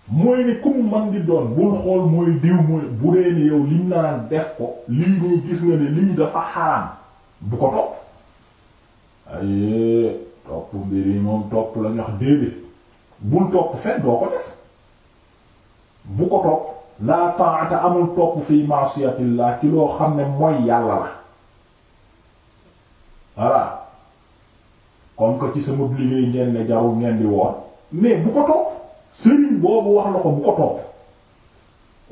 S1: mooy ni kum man di doon bul xool mooy diw mooy bu dee yow liñ naan def ko lii doo gis nga ni lii dafa xaraam bu ko topp ay topp mbir yi moom topp la nga déedéet bul topp fen doo ko def bu ko topp laa ta'ata amul topp fi ma'siyatillah ci loo xam ne mooy yàlla la voilà comme que ci sama liggéey ngeen ne jarul ngeen di woor mais bu ko topp sëriñ boobu wax la ko bu ko topp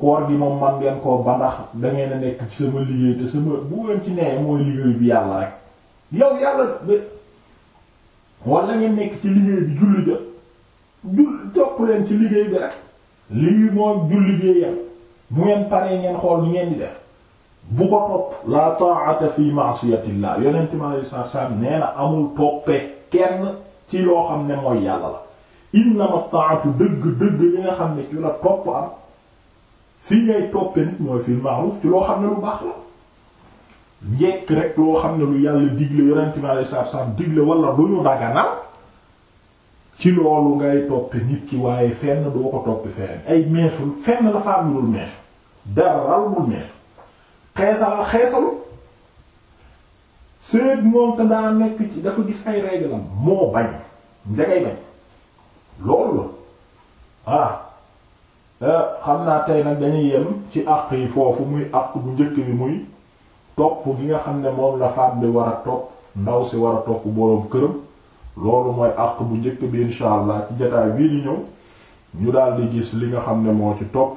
S1: koor gi moom man ngeen koo ba ndax dangeen a nekk ci sama liggéey te sama bu ngeen ci nee mooy liggéey bi yàlla rek yow yàlla wala ngeen nekk ci liggéey bi julli ja jul topp leen ci liggéey bi rek lii moom julli gee yam bu ngeen paree ngeen xool ni ngeen di def bu ko topp la ta'ata fi ma'siyatillah yonent mi sallallahu alayhi wasallam nee amul toppee kenn ci loo xam ne mooy yàlla la innama taatu dëgg dëgg li nga xam ne ci la topp am fii ngay toppe nit mooy fil ma'ruf ci loo xam ne lu baax la njekk rek loo xam ne lu yàlla digle yonent mi alayhi salaatu salaam digle wala lu ñu daganal ci loolu ngay toppe nit ki waaye fenn doo ko toppe fenn ay meesul fenn la faam lul meesu dara lul meesu xeesal xeesalu seet moom te daa nekk ci dafa gis ay réglam moo bañ dangay bañ loolu la voilà euh, xam naa tey nag dañuy yem ci àq yi foofu muy àq bu njëkk bi muy topp gi nga xam ne moom la femme bi war a topp ndaw si war a topp boroom këram loolu mooy àq bu njëkk bi insha allah ci jotaay bii di ñëw ñu daldi gis li nga xam ne moo ci topp